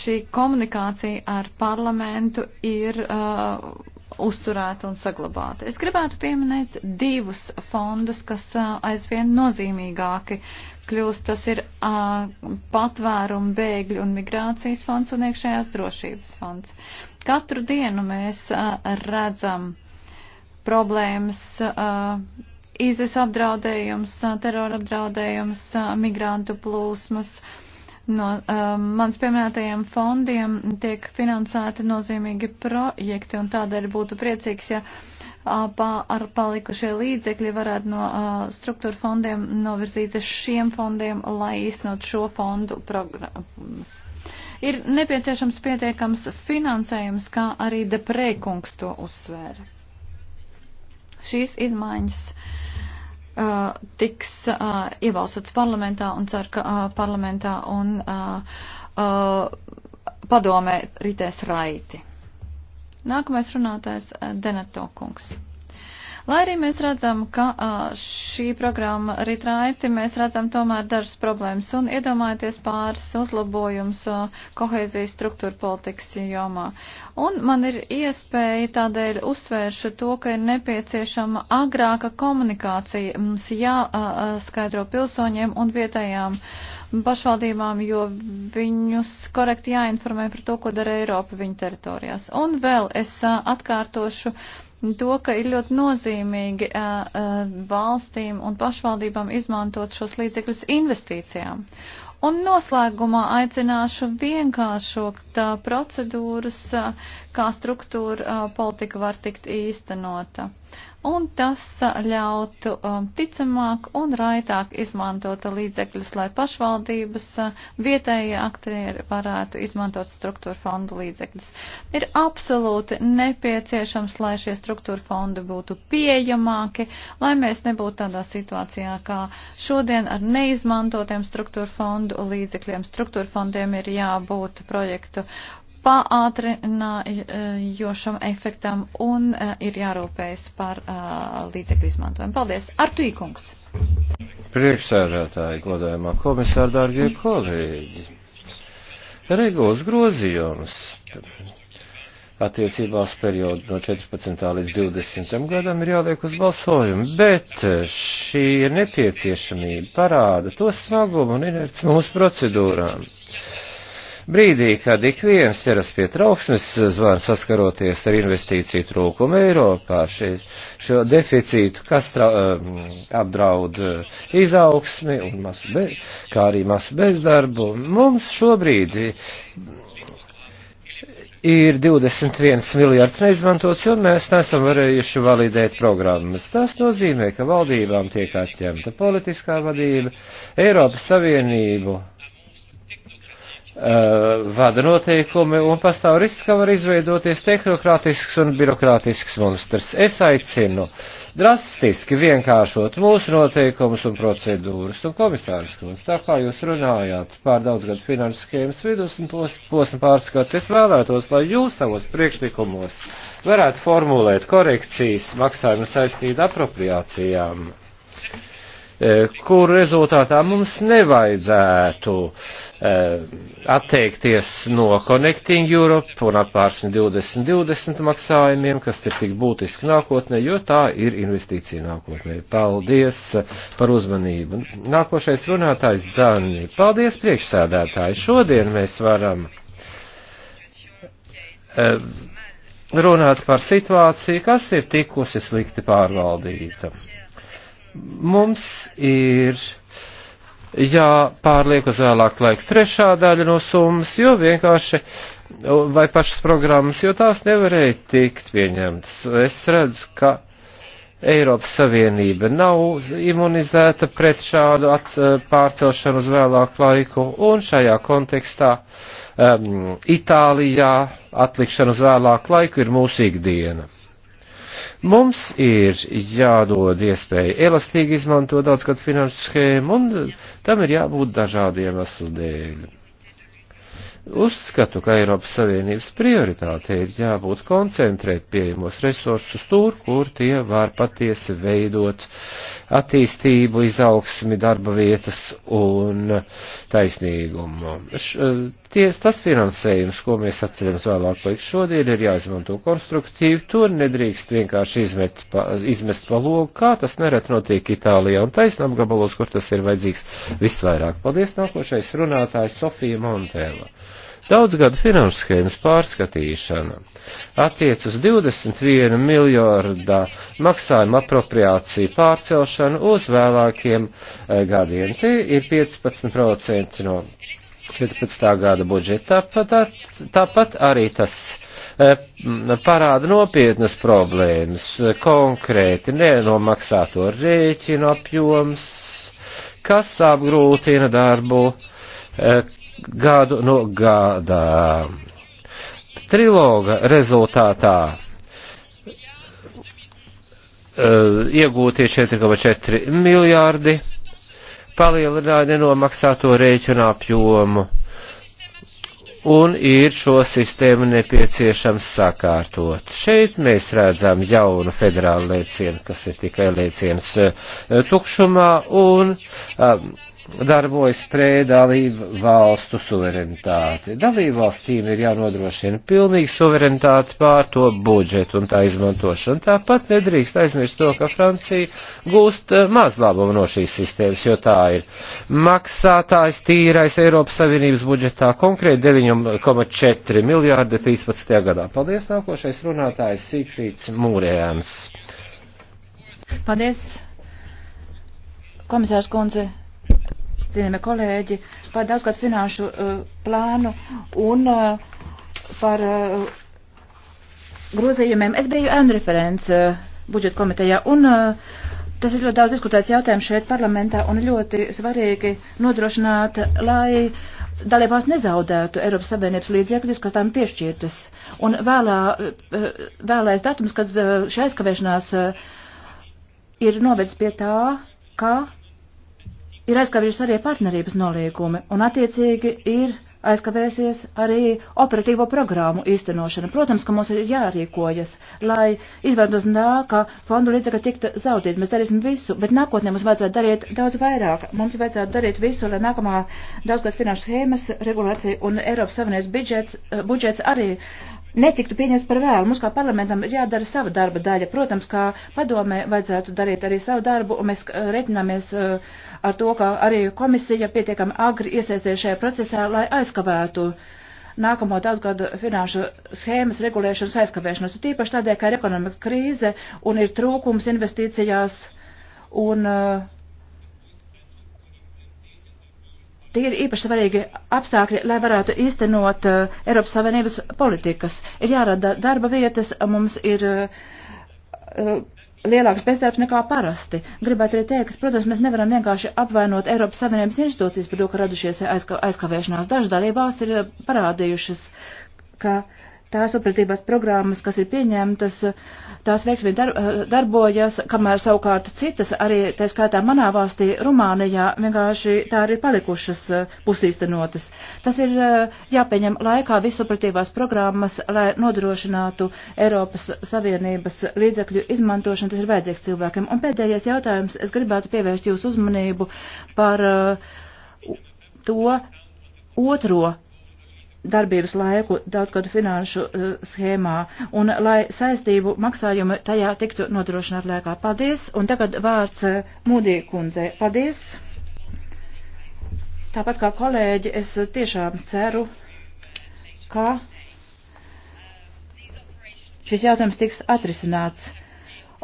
šī komunikācija ar parlamentu ir. Uh, uzturēta un saglabāta. Es gribētu pieminēt divus fondus, kas aizvien nozīmīgāki kļūst. Tas ir patvērumu, bēgļu un migrācijas fonds un iekšējās drošības fonds. Katru dienu mēs redzam problēmas, izes apdraudējums, terora apdraudējums, migrantu plūsmas No um, manas pieminētajiem fondiem tiek finansēti nozīmīgi projekti, un tādēļ būtu priecīgs, ja pā, ar palikušie līdzekļi varētu no uh, struktūra fondiem novirzīties šiem fondiem, lai īstenot šo fondu programmas. Ir nepieciešams pietiekams finansējums, kā arī deprēkungs to uzsvēra. Šīs izmaiņas. Uh, Uh, tiks uh, iebalsots parlamentā un ceru, ka uh, parlamentā un padomē ritēs raiti. Nākamais runātājs Deneto kungs. Lai arī mēs redzam, ka šī programma ritraiti, mēs redzam tomēr dažas problēmas un iedomājieties pāris uzlabojums kohēzijas struktūra politikas jomā. Un man ir iespēja tādēļ uzsvēršu to, ka ir nepieciešama agrāka komunikācija. Mums jāskaidro pilsoņiem un vietējām. Uh, pašvaldībām, jo viņus korekti jāinformē par to, ko dara Eiropa viņu teritorijās. Un vēl es atkārtošu to, ka ir ļoti nozīmīgi valstīm un pašvaldībām izmantot šos līdzekļus investīcijām. Un noslēgumā aicināšu vienkāršot procedūras, kā struktūra politika var tikt īstenota un tas ļautu um, ticamāk un raitāk izmantot līdzekļus, lai pašvaldības uh, vietējie aktieri varētu izmantot struktūra fondu līdzekļus. Ir absolūti nepieciešams, lai šie struktūra fondi būtu pieejamāki, lai mēs nebūtu tādā situācijā, kā šodien ar neizmantotiem struktūra fondu līdzekļiem. Struktūra fondiem ir jābūt projektu paātrinājošam efektam un eh, ir jārūpējas par eh, līdzekļu izmantojumu. Paldies! Artu Īkungs! Priekšsēdētāji, godējumā komisāri, dārgie kolēģi! Regulas grozījums attiecībā uz periodu no 14. līdz 20. gadam ir jāliek uz balsojumu, bet šī nepieciešamība parāda to smagumu un inerci mūsu procedūrām. Brīdī, kad ik viens ķeras pie traukšanas zvana saskaroties ar investīciju trūkumu Eiropā, šie, šo deficītu, kas tra, eh, apdraud eh, izaugsmi un masu, be, kā arī masu bezdarbu, mums šobrīd ir 21 miljards neizmantots, jo mēs nesam varējuši validēt programmas. Tas nozīmē, ka valdībām tiek atņemta politiskā vadība, Eiropas Savienību Uh, vada noteikumi un pastāv risks, ka var izveidoties tehnokrātisks un birokrātisks monstrs. Es aicinu drastiski vienkāršot mūsu noteikumus un procedūras. Un komisārs Kunz, tā kā jūs runājāt pār daudzgadu finanšu schēmas vidus un posmu pārskatu, es vēlētos, lai jūs savos priekšlikumos varētu formulēt korekcijas maksājumu saistīt apropriācijām, eh, kur rezultātā mums nevajadzētu uh, Eh, atteikties no Connecting Europe un apvāršņu 2020 maksājumiem, kas ir tik būtiski nākotnē, jo tā ir investīcija nākotnē. Paldies par uzmanību. Nākošais runātājs Dzanī. Paldies priekšsēdētāji. Šodien mēs varam eh, runāt par situāciju, kas ir tikusi slikti pārvaldīta. Mums ir jāpārliek uz vēlāku laiku trešā daļa no summas, jo vienkārši vai pašas programmas, jo tās nevarēja tikt pieņemtas. Es redzu, ka Eiropas Savienība nav imunizēta pret šādu eh, pārcelšanu uz vēlāku laiku, un šajā kontekstā um, Itālijā atlikšana uz vēlāku laiku ir mūsu ikdiena. Mums ir jādod iespēja elastīgi izmantot daudzgad finanšu schēmu, un tam ir jābūt dažādiem aslu dēļ. Uzskatu, ka Eiropas Savienības prioritāte ir jābūt koncentrēt pieejamos resursus tur, kur tie var patiesi veidot attīstību, izaugsmi, darba vietas un taisnīgumu. Š, eh, ties, tas finansējums, ko mēs atceļam vēlāk palikt šodien, ir jāizmanto konstruktīvi, to nedrīkst vienkārši izmet, pa, izmest pa logu, kā tas neret notiek Itālijā un taisnām gabalos, kur tas ir vajadzīgs visvairāk. Paldies, nākošais runātājs Sofija Montēla. Daudzgadu finanšu schēmas pārskatīšana attiec uz 21 miljārdā maksājuma apropriāciju pārcelšanu uz vēlākiem eh, gadiem. Te ir 15% no 14. gada budžeta. Tāpat, tāpat arī tas eh, parāda nopietnas problēmas, konkrēti nenomaksāto rēķinu apjoms, kas apgrūtina darbu eh, gadu no gadā. Triloga rezultātā eh, iegūtie 4,4 miljārdi palielināja nenomaksāto rēķinu apjomu un ir šo sistēmu nepieciešams sakārtot. Šeit mēs redzam jaunu federālu lēcienu, kas ir tikai lēciens eh, tukšumā un um, darbojas pret dalību valstu suverenitāti. Dalību valstīm ir jānodrošina pilnīga suverenitāte pār to budžetu un tā izmantošanu. Tāpat nedrīkst aizmirst to, ka Francija gūst eh, maz labumu no šīs sistēmas, jo tā ir maksātājs tīrais Eiropas Savienības budžetā konkrēti 9,4 miljārdi 13. gadā. Paldies, nākošais runātājs Sīkrīts Mūrējans. Paldies, komisārs Konze cienījamie kolēģi, par daudzgad finanšu uh, plānu un uh, par uh, grozījumiem. Es biju ēnu referents uh, budžeta komitejā un uh, tas ir ļoti daudz diskutēts jautājums šeit parlamentā un ļoti svarīgi nodrošināt, lai dalībās nezaudētu Eiropas Savienības līdzekļus, kas tām piešķirtas. Un vēlā, uh, vēlais datums, kad uh, šī aizkavēšanās uh, ir novedis pie tā, ka ir aizkavējušas arī partnerības nolīgumi, un attiecīgi ir aizkavējusies arī operatīvo programmu īstenošana. Protams, ka mums ir jārīkojas, lai izvērtos tā, ka fondu līdzekļi tiktu zaudēti. Mēs darīsim visu, bet nākotnē mums vajadzētu darīt daudz vairāk. Mums vajadzētu darīt visu, lai nākamā daudzgad finanšu schēmas regulācija un Eiropas Savienības budžets, eh, budžets arī netiktu pieņemts par vēlu. Mums kā parlamentam ir jādara sava darba daļa. Protams, kā padomē vajadzētu darīt arī savu darbu, un mēs eh, retināmies eh, ar to, ka arī komisija pietiekami agri iesaistīja šajā procesā, lai aizkavētu nākamo daudzgadu finanšu schēmas regulēšanas aizkavēšanos. Tīpaši tādēļ, ka ir ekonomika krīze un ir trūkums investīcijās un uh, Tie ir īpaši svarīgi apstākļi, lai varētu īstenot uh, Eiropas Savienības politikas. Ir jārada darba vietas, mums ir uh, uh, lielāks bezdarbs nekā parasti. Gribētu arī teikt, ka, protams, mēs nevaram vienkārši apvainot Eiropas Savienības institūcijas par to, ka radušies aizka aizkavēšanās. Dažas dalībās ir uh, parādījušas, ka tās operatīvās programmas, kas ir pieņemtas, uh, tās veiksmīgi dar, eh, darbojas, kamēr savukārt citas, arī tā skaitā manā valstī, Rumānijā, vienkārši tā arī palikušas eh, pusīstenotas. Tas ir eh, jāpieņem laikā visoperatīvās programmas, lai nodrošinātu Eiropas Savienības līdzekļu izmantošanu, tas ir vajadzīgs cilvēkiem. Un pēdējais jautājums, es gribētu pievērst jūsu uzmanību par to otro darbības laiku daudzgadu finanšu uh, schēmā un lai saistību maksājumu tajā tiktu nodrošināt lēkā. Paldies! Un tagad vārds uh, Mūdī kundze. Paldies! Tāpat kā kolēģi, es tiešām ceru, ka šis jautājums tiks atrisināts.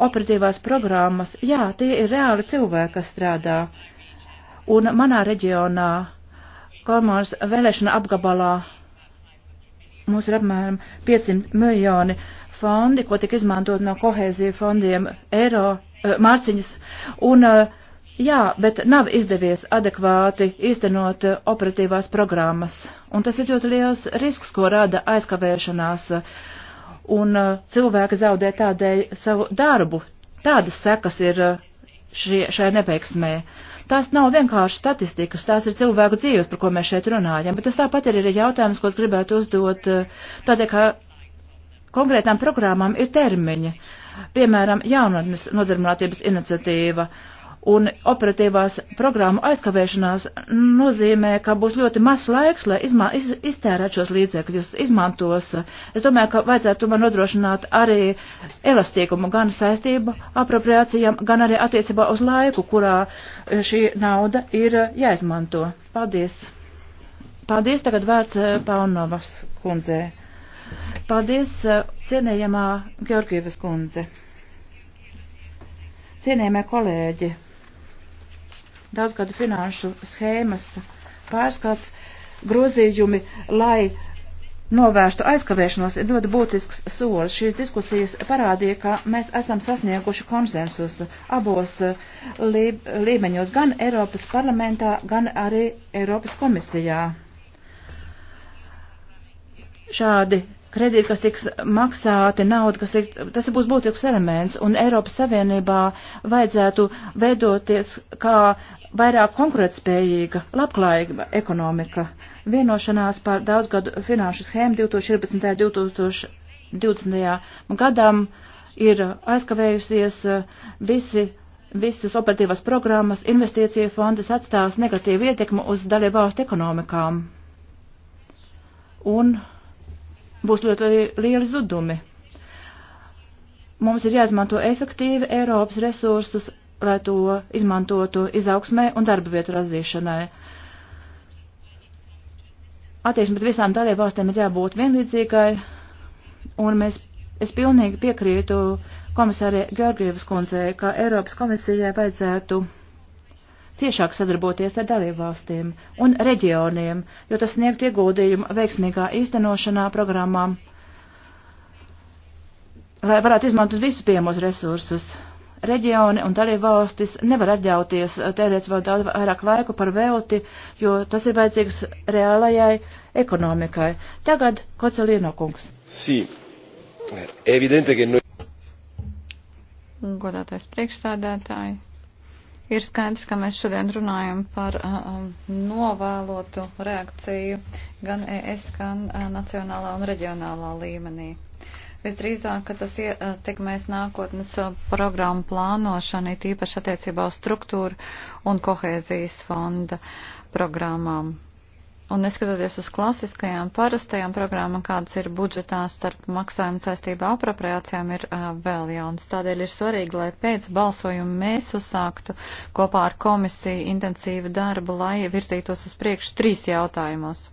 Operatīvās programmas, jā, tie ir reāli cilvēki, kas strādā. Un manā reģionā Kalmāras vēlēšana apgabalā Mums ir apmēram 500 miljoni fondi, ko tika izmantot no kohēzija fondiem eiro, eh, mārciņas. Un, eh, jā, bet nav izdevies adekvāti īstenot eh, operatīvās programmas. Un tas ir ļoti liels risks, ko rada aizkavēšanās. Un cilvēki zaudē tādēļ savu darbu. Tādas sekas ir šie, šai neveiksmē. Uh, Tās nav vienkārši statistikas, tās ir cilvēku dzīves, par ko mēs šeit runājam, bet tas tāpat ir arī jautājums, ko es gribētu uzdot, eh, tādēļ, ka konkrētām programmām ir termiņi. Piemēram, jaunatnes nodarbinātības iniciatīva. Uh, un operatīvās programmu aizkavēšanās nozīmē, ka būs ļoti maz laiks, lai izmā, iz, iztērēt šos līdzekļus, izmantos. Es domāju, ka vajadzētu man nodrošināt arī elastīgumu gan saistību apropriācijām, gan arī attiecībā uz laiku, kurā šī nauda ir jāizmanto. Paldies! Paldies, tagad vērts eh, Paunovas kundzē. Paldies, eh, cienījamā Georgievas kundze. Cienījamie kolēģi! daudzgadu finanšu schēmas pārskats, grozījumi, lai novērstu aizkavēšanos, ir ļoti būtisks solis. Šīs diskusijas parādīja, ka mēs esam sasnieguši konsensusu abos eh, līmeņos, gan Eiropas parlamentā, gan arī Eiropas komisijā. Šādi kredīti, kas tiks maksāti, nauda, kas tiks, tas būs būtisks elements, un Eiropas Savienībā vajadzētu veidoties kā vairāk konkurētspējīga, labklājīga ekonomika. Vienošanās par daudzgadu finanšu schēmu 2014. un 2020. gadam ir aizkavējusies visi visas operatīvās programmas, investīcija fondas atstās negatīvu ietekmu uz dalībvalstu ekonomikām. Un būs ļoti lieli zudumi. Mums ir jāizmanto efektīvi Eiropas resursus, lai to izmantotu izaugsmē un darba vietu radīšanai. Attieksme pret visām dalībvalstīm ir jābūt vienlīdzīgai, un mēs, es pilnīgi piekrītu komisārē Georgievas kundzei, ka Eiropas komisijai vajadzētu ciešāk sadarboties ar dalībvalstīm un reģioniem, jo tas sniegt ieguldījumu veiksmīgā īstenošanā programmām, lai varētu izmantot visus piemos resursus. Reģioni un dalībvalstis nevar atļauties tērēt vēl daudz vairāk laiku par velti, jo tas ir vajadzīgs reālajai ekonomikai. Tagad Kocelīno kungs. Sī, evidente, ka. Godātais priekšsādātāji, Ir skaidrs, ka mēs šodien runājam par um, novēlotu reakciju gan ES, gan uh, nacionālā un reģionālā līmenī. Visdrīzāk, ka tas ietekmēs nākotnes programmu plānošanu, it īpaši attiecībā uz struktūru un kohēzijas fonda programmām. Un neskatoties uz klasiskajām parastajām programmām, kādas ir budžetā starp maksājumu saistībā apropriācijām, ir uh, vēl jaunas. Tādēļ ir svarīgi, lai pēc balsojuma mēs uzsāktu kopā ar komisiju intensīvu darbu, lai virzītos uz priekšu trīs jautājumos.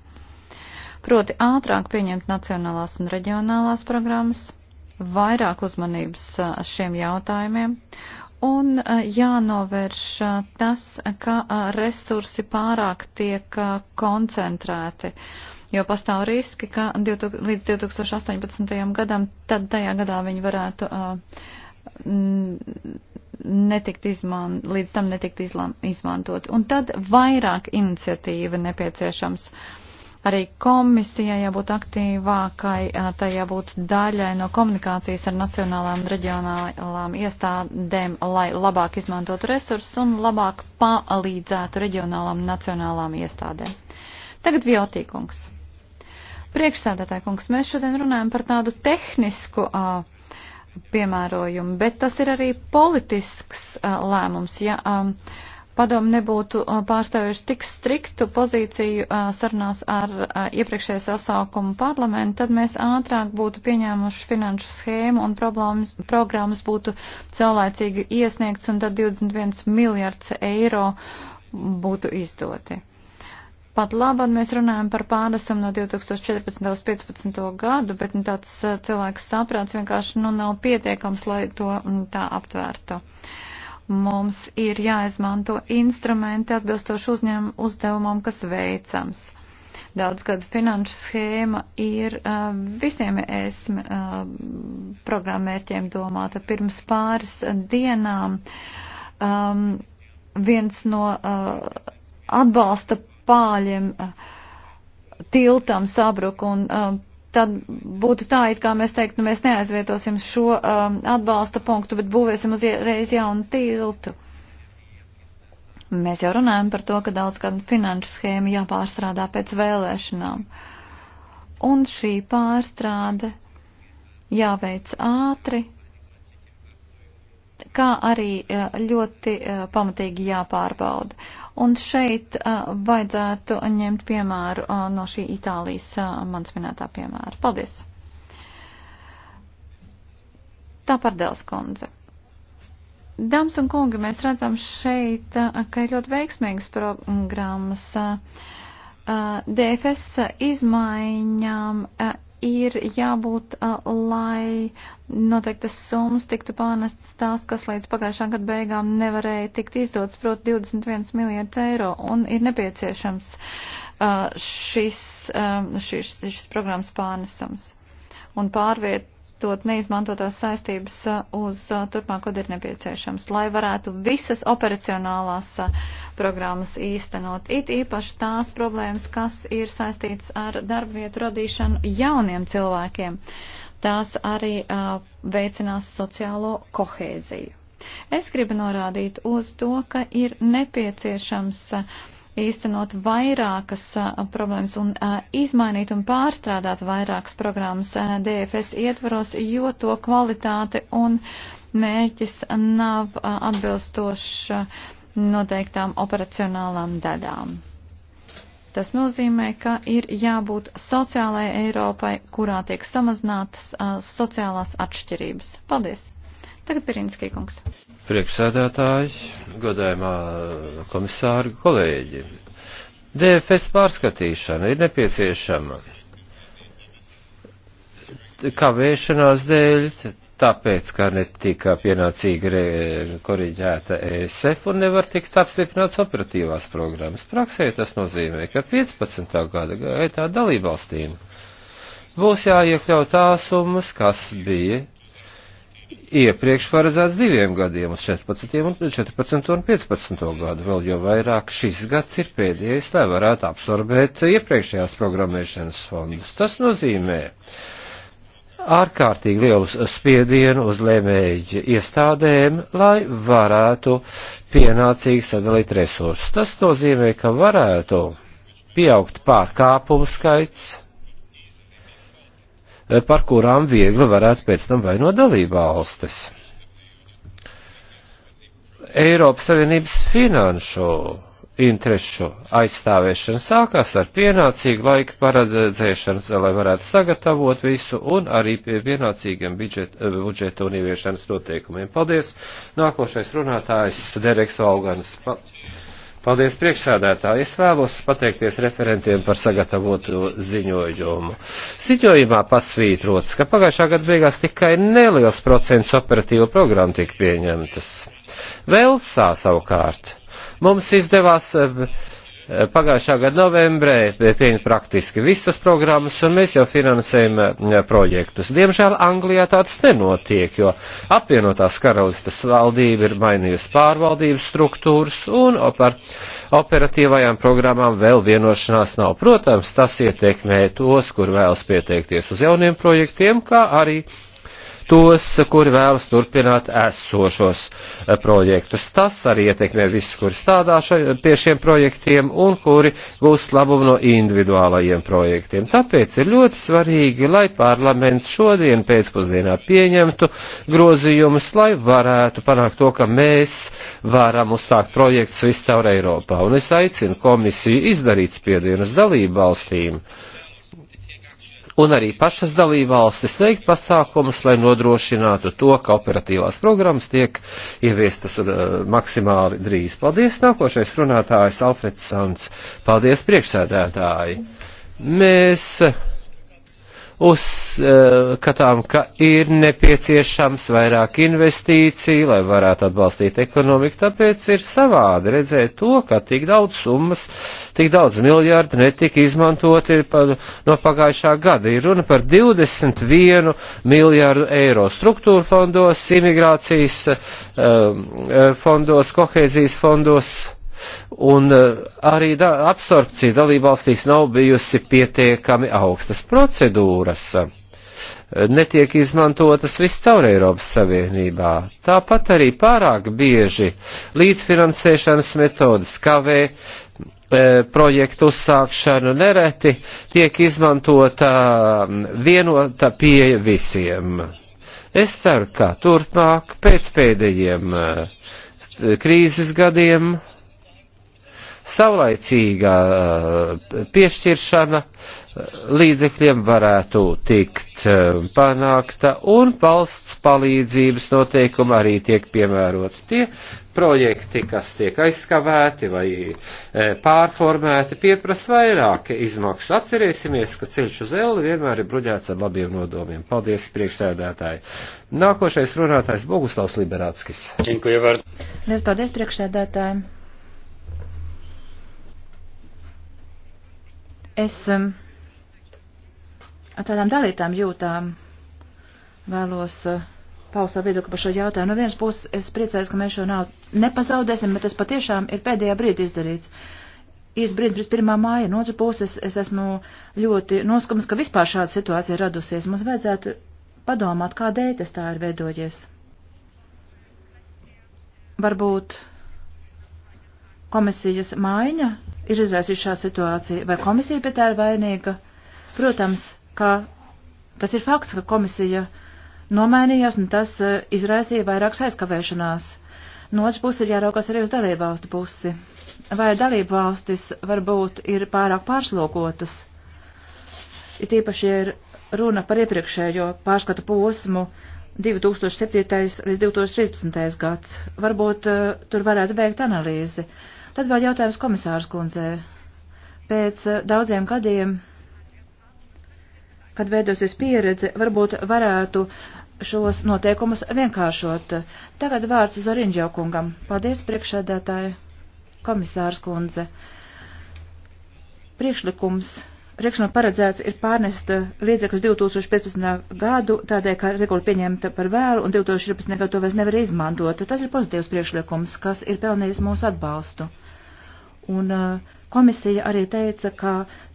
Proti ātrāk pieņemt nacionālās un reģionālās programmas, vairāk uzmanības šiem jautājumiem Un jānovērš tas, ka resursi pārāk tiek koncentrēti, jo pastāv riski, ka 2000, līdz 2018. gadam, tad tajā gadā viņi varētu netikt izman, līdz tam netikt izlan, izmantot. Un tad vairāk iniciatīva nepieciešams. Uh, Arī komisijai jābūt aktīvākai, tai jābūt daļai no komunikācijas ar nacionālām un reģionālām iestādēm, lai labāk izmantotu resursus un labāk palīdzētu reģionālām un nacionālām iestādēm. Tagad Vjotīkungs. Priekšsēdētāji kungs, mēs šodien runājam par tādu tehnisku uh, piemērojumu, bet tas ir arī politisks uh, lēmums. Ja, um, padomu nebūtu uh, pārstāvējuši tik striktu pozīciju uh, sarunās ar uh, iepriekšējo sasaukumu parlamentu, tad mēs ātrāk būtu pieņēmuši finanšu schēmu un problēmas, programmas būtu caulēcīgi iesniegts un tad 21 miljards eiro būtu izdoti. Pat labāk mēs runājam par pārnesam no 2014. uz 15. gadu, bet nu, tāds cilvēks saprāts vienkārši nu, nav pietiekams, lai to nu, tā aptvērtu. Uh, Mums ir jāizmanto instrumenti atbilstoši uzņēmumu uzdevumam, kas veicams. Daudzgadu finanšu schēma ir uh, visiem ESM uh, programmērķiem domāta. Pirms pāris dienām um, viens no uh, atbalsta pāļiem uh, tiltam sabruka un uh, tad būtu tā, it kā mēs teiktu, nu, mēs neaizvietosim šo um, atbalsta punktu, bet būvēsim uzreiz jaunu tiltu. Mēs jau runājam par to, ka daudz kādu finanšu schēmu jāpārstrādā pēc vēlēšanām. Un šī pārstrāde jāveic ātri, kā arī e, ļoti e, pamatīgi jāpārbauda. Un šeit e, vajadzētu ņemt piemēru no šī Itālijas mans minētā piemēra. Paldies! Tā par Delskundze. Dāmas un kungi, mēs redzam šeit, ka ir ļoti veiksmīgas programmas. DFS izmaiņām ir jābūt, lai noteiktas summas tiktu pārnestas tās, kas līdz pagājušā gada beigām nevarēja tikt izdotas, proti 21 miljardus eiro, un ir nepieciešams šis, šis, šis programmas pārnesums un pārviet pārvietot neizmantotās saistības uz turpmāko ir nepieciešams, lai varētu visas operacionālās programmas īstenot. It īpaši tās problēmas, kas ir saistīts ar darbvietu radīšanu jauniem cilvēkiem, tās arī uh, veicinās sociālo kohēziju. Es gribu norādīt uz to, ka ir nepieciešams uh, īstenot vairākas problēmas un izmainīt un pārstrādāt vairākas programmas DFS ietvaros, jo to kvalitāte un mērķis nav atbilstošs noteiktām operacionālām daļām. Tas nozīmē, ka ir jābūt sociālajai Eiropai, kurā tiek samazinātas sociālās atšķirības. Paldies! Tagad Pirinskī kungs. Priekšsēdētāji, godējumā komisāri, kolēģi. DFS pārskatīšana ir nepieciešama kavēšanās dēļ, tāpēc, ka netika pienācīgi re, koriģēta ESF un nevar tikt apstiprināts operatīvās programmas. Praksē tas nozīmē, ka 15. gada gaitā dalībvalstīm būs jāiekļaut tās summas, kas bija iepriekš paredzēts diviem gadiem, uz 14, un 14 un 15 gadu, vēl jo vairāk šis gads ir pēdējais, lai varētu absorbēt iepriekšējās programmēšanas fondus. Tas nozīmē ārkārtīgi lielu spiedienu uz lēmēju iestādēm, lai varētu pienācīgi sadalīt resursus. Tas nozīmē, ka varētu pieaugt pārkāpumu skaits, par kurām viegli varētu pēc tam vainot dalībvalstis. Eiropas Savienības finanšu interešu aizstāvēšana sākās ar pienācīgu laiku paredzēšanu, lai varētu sagatavot visu un arī pie pienācīgiem budžeta, budžeta un ieviešanas noteikumiem. Paldies! Nākošais runātājs Dereks Valganis. Paldies! Paldies priekšsādētāji. Es vēlos pateikties referentiem par sagatavotu ziņojumu. Ziņojumā pasvītrots, ka pagājušā gada beigās tikai neliels procents operatīvu programmu tika pieņemtas. Velsā savukārt mums izdevās eh, pagājušā gada novembrē pieņemt praktiski visas programmas, un mēs jau finansējam projektus. Diemžēl Anglijā tāds nenotiek, jo apvienotās karalistas valdība ir mainījusi pārvaldības struktūras, un par operatīvajām programmām vēl vienošanās nav. Protams, tas ietekmē tos, kur vēlas pieteikties uz jauniem projektiem, kā arī tos, kuri vēlas turpināt esošos eh, projektus. Tas arī ietekmē visus, kuri strādā pie šiem projektiem un kuri gūst labumu no individuālajiem projektiem. Tāpēc ir ļoti svarīgi, lai parlaments šodien pēcpusdienā pieņemtu grozījumus, lai varētu panākt to, ka mēs varam uzsākt projektus viscaur Eiropā. Un es aicinu komisiju izdarīt spiedienus dalību valstīm un arī pašas dalībvalstis veikt pasākumus, lai nodrošinātu to, ka operatīvās programmas tiek ieviestas un, uh, maksimāli drīz. Paldies, nākošais runātājs Alfreds Sants. Paldies, priekšsēdētāji. Mēs. Uh, uzskatām, eh, ka ir nepieciešams vairāk investīciju, lai varētu atbalstīt ekonomiku, tāpēc ir savādi redzēt to, ka tik daudz summas, tik daudz miljārdu netika izmantoti no pagājušā gada. Ir runa par 21 miljārdu eiro struktūra fondos, imigrācijas um, fondos, kohēzijas fondos un eh, arī da absorpcija dalībvalstīs nav bijusi pietiekami augstas procedūras eh, netiek izmantotas viscaur Eiropas Savienībā. Tāpat arī pārāk bieži līdzfinansēšanas metodas kavē e, projektu uzsākšanu nereti tiek izmantota mm, vienota pieeja visiem. Es ceru, ka turpmāk pēc pēdējiem krīzes gadiem saulaicīgā eh, piešķiršana eh, līdzekļiem varētu tikt eh, panākta un valsts palīdzības noteikumi arī tiek piemēroti tie projekti, kas tiek aizskavēti vai pārformēti, pieprasa vairāk izmaksu. Atcerēsimies, ka ceļš uz elli vienmēr ir bruģēts ar labiem nodomiem. Paldies, priekšsēdētāji. Nākošais runātājs Boguslavs Liberāckis. Paldies, priekšsēdētāji. Es um, ar tādām dalītām jūtām vēlos uh, paust savu viedokli par šo jautājumu. No vienas puses es priecājos, ka mēs šo naudu nepazaudēsim, bet tas patiešām ir pēdējā brīdī izdarīts. Īs brīdi pirms pirmā māja, no otras puses es esmu ļoti noskums, ka vispār šāda situācija radusies. Mums vajadzētu padomāt, kādēļ tas tā ir veidojies. Varbūt komisijas maiņa ir izraisījusi šā situācija. Vai komisija pie tā ir vainīga? Protams, ka tas ir fakts, ka komisija nomainījās un tas eh, izraisīja vairākas aizkavēšanās. No otras puses ir jāraukās arī uz dalību valstu pusi. Vai dalību valstis varbūt ir pārāk pārslokotas? Ir tīpaši ir runa par iepriekšējo pārskatu posmu 2007. līdz 2013. gads. Varbūt uh, tur varētu veikt analīzi. Uh, Tad vēl jautājums komisārs kundzē. Pēc eh, daudziem gadiem, kad veidosies pieredze, varbūt varētu šos noteikumus vienkāršot. Tagad vārds Zoriņģo kungam. Paldies, priekšsēdētāji, komisārs kundze. Priekšlikums priekšlikums paredzēts ir pārnest līdzekļus 2015. gadu, tādēļ, ka regula pieņemta par vēlu un 2014. gadu to vairs nevar izmantot. Tas ir pozitīvs priekšlikums, kas ir pelnījis mūsu atbalstu. Un uh, komisija arī teica, ka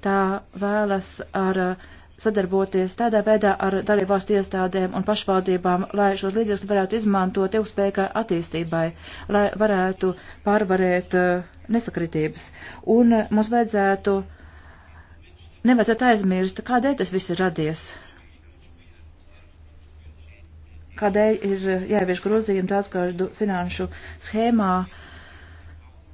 tā vēlas ar uh, sadarboties tādā veidā ar dalībvalstu iestādēm un pašvaldībām, lai šos līdzekļus varētu izmantot ilgspējīgai attīstībai, lai varētu pārvarēt uh, nesakritības. Un mums vajadzētu, nevajadzētu aizmirst, kādēļ tas viss ir radies. Kādēļ ir jāievieš grozījumi daudzgadu finanšu schēmā, uh,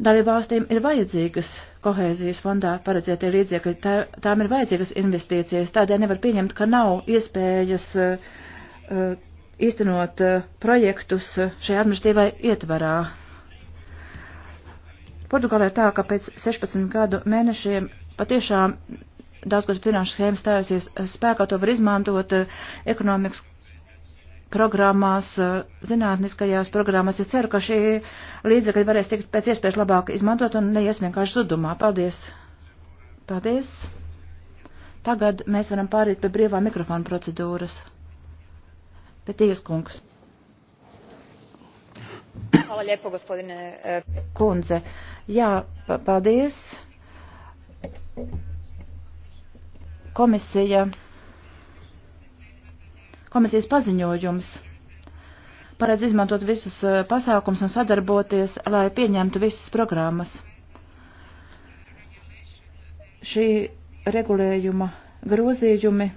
Dalībvalstīm ir vajadzīgas kohēzijas fondā paredzētie līdzekļi, tā, tām ir vajadzīgas investīcijas, tādēļ nevar pieņemt, ka nav iespējas uh, īstenot uh, projektus šajā administratīvai ietvarā. Portugālē ir tā, ka pēc 16 gadu mēnešiem patiešām daudzgad finanšu schēma stājusies spēkā, to var izmantot uh, ekonomikas programmās, eh, zinātniskajās programmās. Es ceru, ka šī līdzekļi varēs tikt pēc iespējas labāk izmantot un neies vienkārši zudumā. Paldies! Paldies! Tagad mēs varam pārīt pie brīvā mikrofona procedūras. Petīgas kungs. Hvala lijepo, gospodine. Eh, Kunze, jā, paldies. Komisija Komisijas paziņojums paredz izmantot visus eh, pasākums un sadarboties, lai pieņemtu visas programmas. Šī regulējuma grozījumi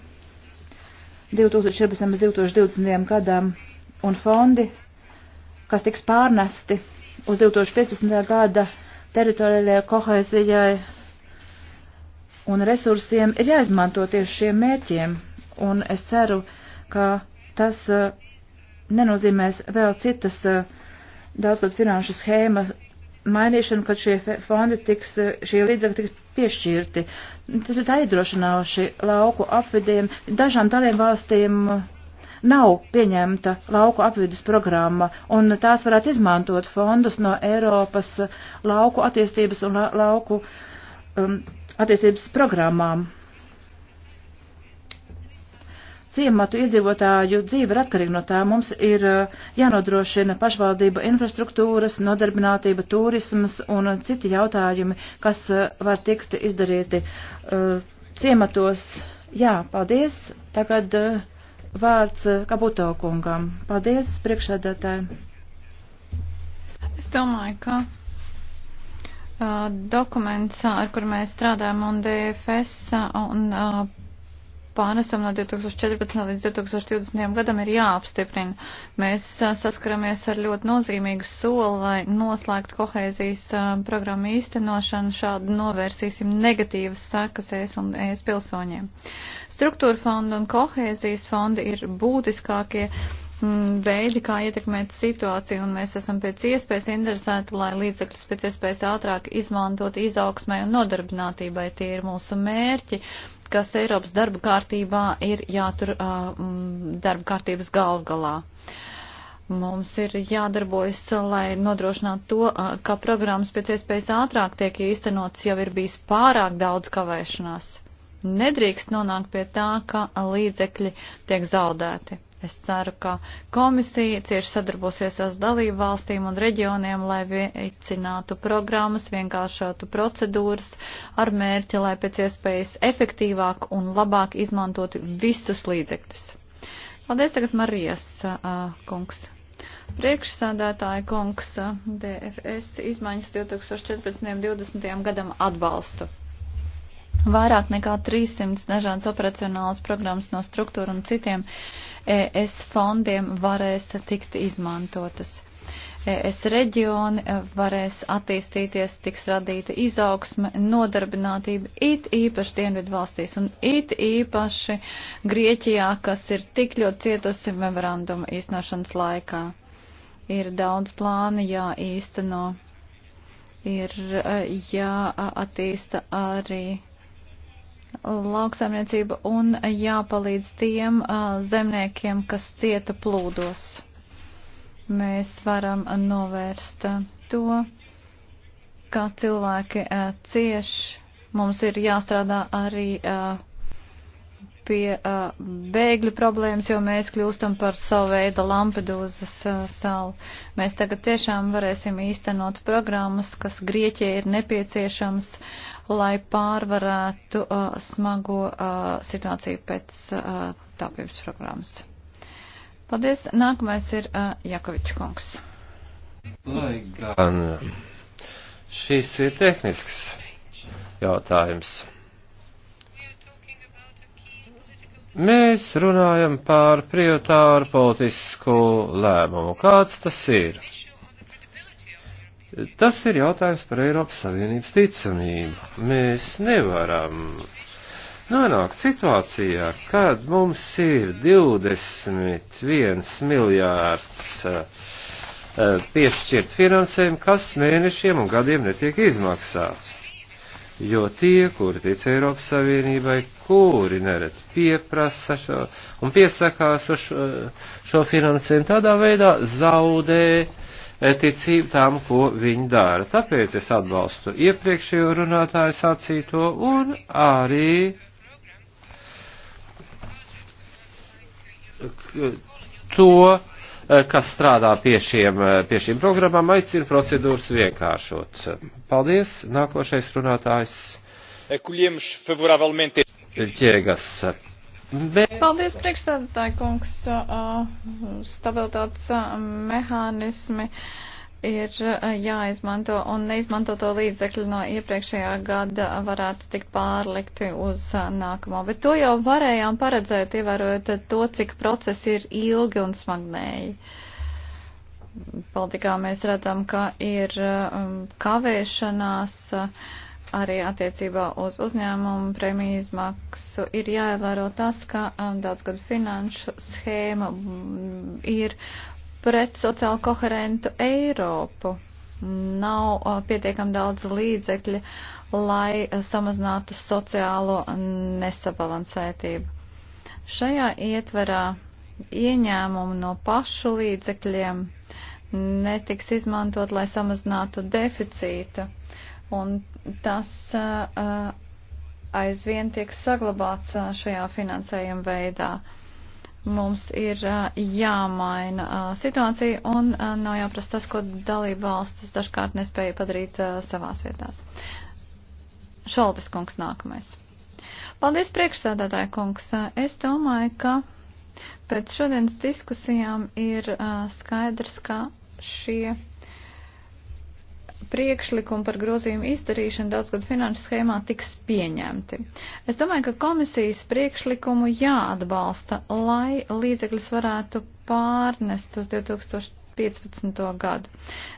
2014. līdz 2020. gadam un fondi, kas tiks pārnesti uz 2015. gada teritoriālajai kohēzijai un resursiem, ir jāizmanto tieši šiem mērķiem. Un es ceru, ka ka tas e, nenozīmēs vēl citas e, daudzgad finanšu schēma mainīšanu, kad šie fondi tiks, e, šie līdzekļi tiks piešķirti. Tas ir aidrošinājuši lauku apvidiem. Dažām daliem valstīm nav pieņemta lauku apvidus programma, un tās varētu izmantot fondus no Eiropas lauku attīstības un lauku um, attīstības programmām ciematu iedzīvotāju dzīve ir atkarīga no tā. Mums ir eh, jānodrošina pašvaldība infrastruktūras, nodarbinātība, turismas un citi jautājumi, kas eh, var tikt izdarīti eh, ciematos. Jā, paldies. Tagad vārds Kabuto kungam. Paldies, priekšsēdētāji. Es domāju, ka uh, dokuments, ar kur mēs strādājam, un DFS un uh, pārnesam no 2014 līdz 2020 gadam ir jāapstiprina. Mēs saskaramies ar ļoti nozīmīgu soli, lai noslēgtu kohēzijas programmu īstenošanu. Šādi novērsīsim negatīvas sekas ES un ES pilsoņiem. Struktūra fonda un kohēzijas fonda ir būtiskākie mm, veidi, kā ietekmēt situāciju, un mēs esam pēc iespējas interesēti, lai līdzekļus pēc iespējas ātrāk izmantot izaugsmai un nodarbinātībai. Tie ir mūsu mērķi, kas Eiropas darba kārtībā ir jātur uh, darba kārtības galvgalā. Mums ir jādarbojas, lai nodrošinātu to, uh, ka programmas pēc iespējas ātrāk tiek īstenotas, jau ir bijis pārāk daudz kavēšanās. Nedrīkst nonākt pie tā, ka līdzekļi tiek zaudēti. Es ceru, ka komisija cieši sadarbosies ar dalību valstīm un reģioniem, lai veicinātu programmas, vienkāršotu procedūras ar mērķi, lai pēc iespējas efektīvāk un labāk izmantotu visus līdzekļus. Paldies tagad Marijas uh, kungs. Priekšsādātāja kungs DFS izmaiņas 2014. un 2020. gadam atbalstu vairāk nekā 300 dažādas operacionālas programmas no struktūra un citiem ES fondiem varēs tikt izmantotas. ES reģioni e, varēs attīstīties, tiks radīta izaugsme, nodarbinātība it īpaši dienvidu valstīs un it īpaši Grieķijā, kas ir tik ļoti cietusi memoranduma īstenošanas laikā. Ir daudz plāni jāīsteno, ir e, jāattīsta arī lauksaimniecība un jāpalīdz tiem uh, zemniekiem, kas cieta plūdos. Mēs varam novērst uh, to, kā cilvēki uh, cieš. Mums ir jāstrādā arī uh, pie uh, bēgļu problēmas, jo mēs kļūstam par savu veidu Lampedūzas uh, salu. Mēs tagad tiešām varēsim īstenot programmas, kas Grieķijai ir nepieciešams, lai pārvarētu uh, smago uh, situāciju pēc uh, tāpības programmas. Paldies. Nākamais ir uh, Jakovičs kungs. Lai gan šis ir tehnisks jautājums Mēs runājam par prioritāru politisku lēmumu. Kāds tas ir? Tas ir jautājums par Eiropas Savienības ticamību. Mēs nevaram nonākt situācijā, kad mums ir 21 miljārds eh, piešķirt finansējumu, kas mēnešiem un gadiem netiek izmaksāts jo tie, kuri tic Eiropas Savienībai, kuri neret pieprasa šo un piesakās uz šo, šo finansējumu, tādā veidā zaudē e, ticību tām, ko viņi dara. Tāpēc es atbalstu iepriekšējo runātāju sacīto un arī to Eh, kas strādā pie, šiem, eh, pie šīm programmām, aicina procedūras vienkāršot. Paldies, nākošais runātājs. Ķēgas. Mēs... Paldies, priekšstādātāji kungs, eh, stabilitātes mehānismi. Uh, ir eh, jāizmanto un neizmanto to līdzekļu no iepriekšējā gada varētu tikt pārlikti uz eh, nākamo. Bet to jau varējām paredzēt, ievērojot to, cik procesi ir ilgi un smagnēji. Politikā mēs redzam, ka ir um, kavēšanās eh, arī attiecībā uz uzņēmumu prēmiju izmaksu ir jāievēro tas, ka um, daudz gadu finanšu schēma mm, ir pret sociāli koherentu Eiropu. Nav uh, pietiekami daudz līdzekļu, lai uh, samazinātu sociālo nesabalansētību. Šajā ietverā ieņēmumu no pašu līdzekļiem netiks izmantot, lai samazinātu deficītu. Un tas uh, aizvien tiek saglabāts šajā finansējuma veidā. Uh, Mums ir jāmaina situācija un nav jāprast tas, ko dalība valstis dažkārt nespēja padarīt savās vietās. Šaltis kungs nākamais. Paldies priekšsēdētāja kungs. Es domāju, ka pēc šodienas diskusijām ir skaidrs, ka šie priekšlikumi par grozījumu izdarīšanu daudzgadu finanšu schēmā tiks pieņemti. Es domāju, ka komisijas priekšlikumu jāatbalsta, lai līdzekļus varētu pārnest uz 2000. 15. gadu.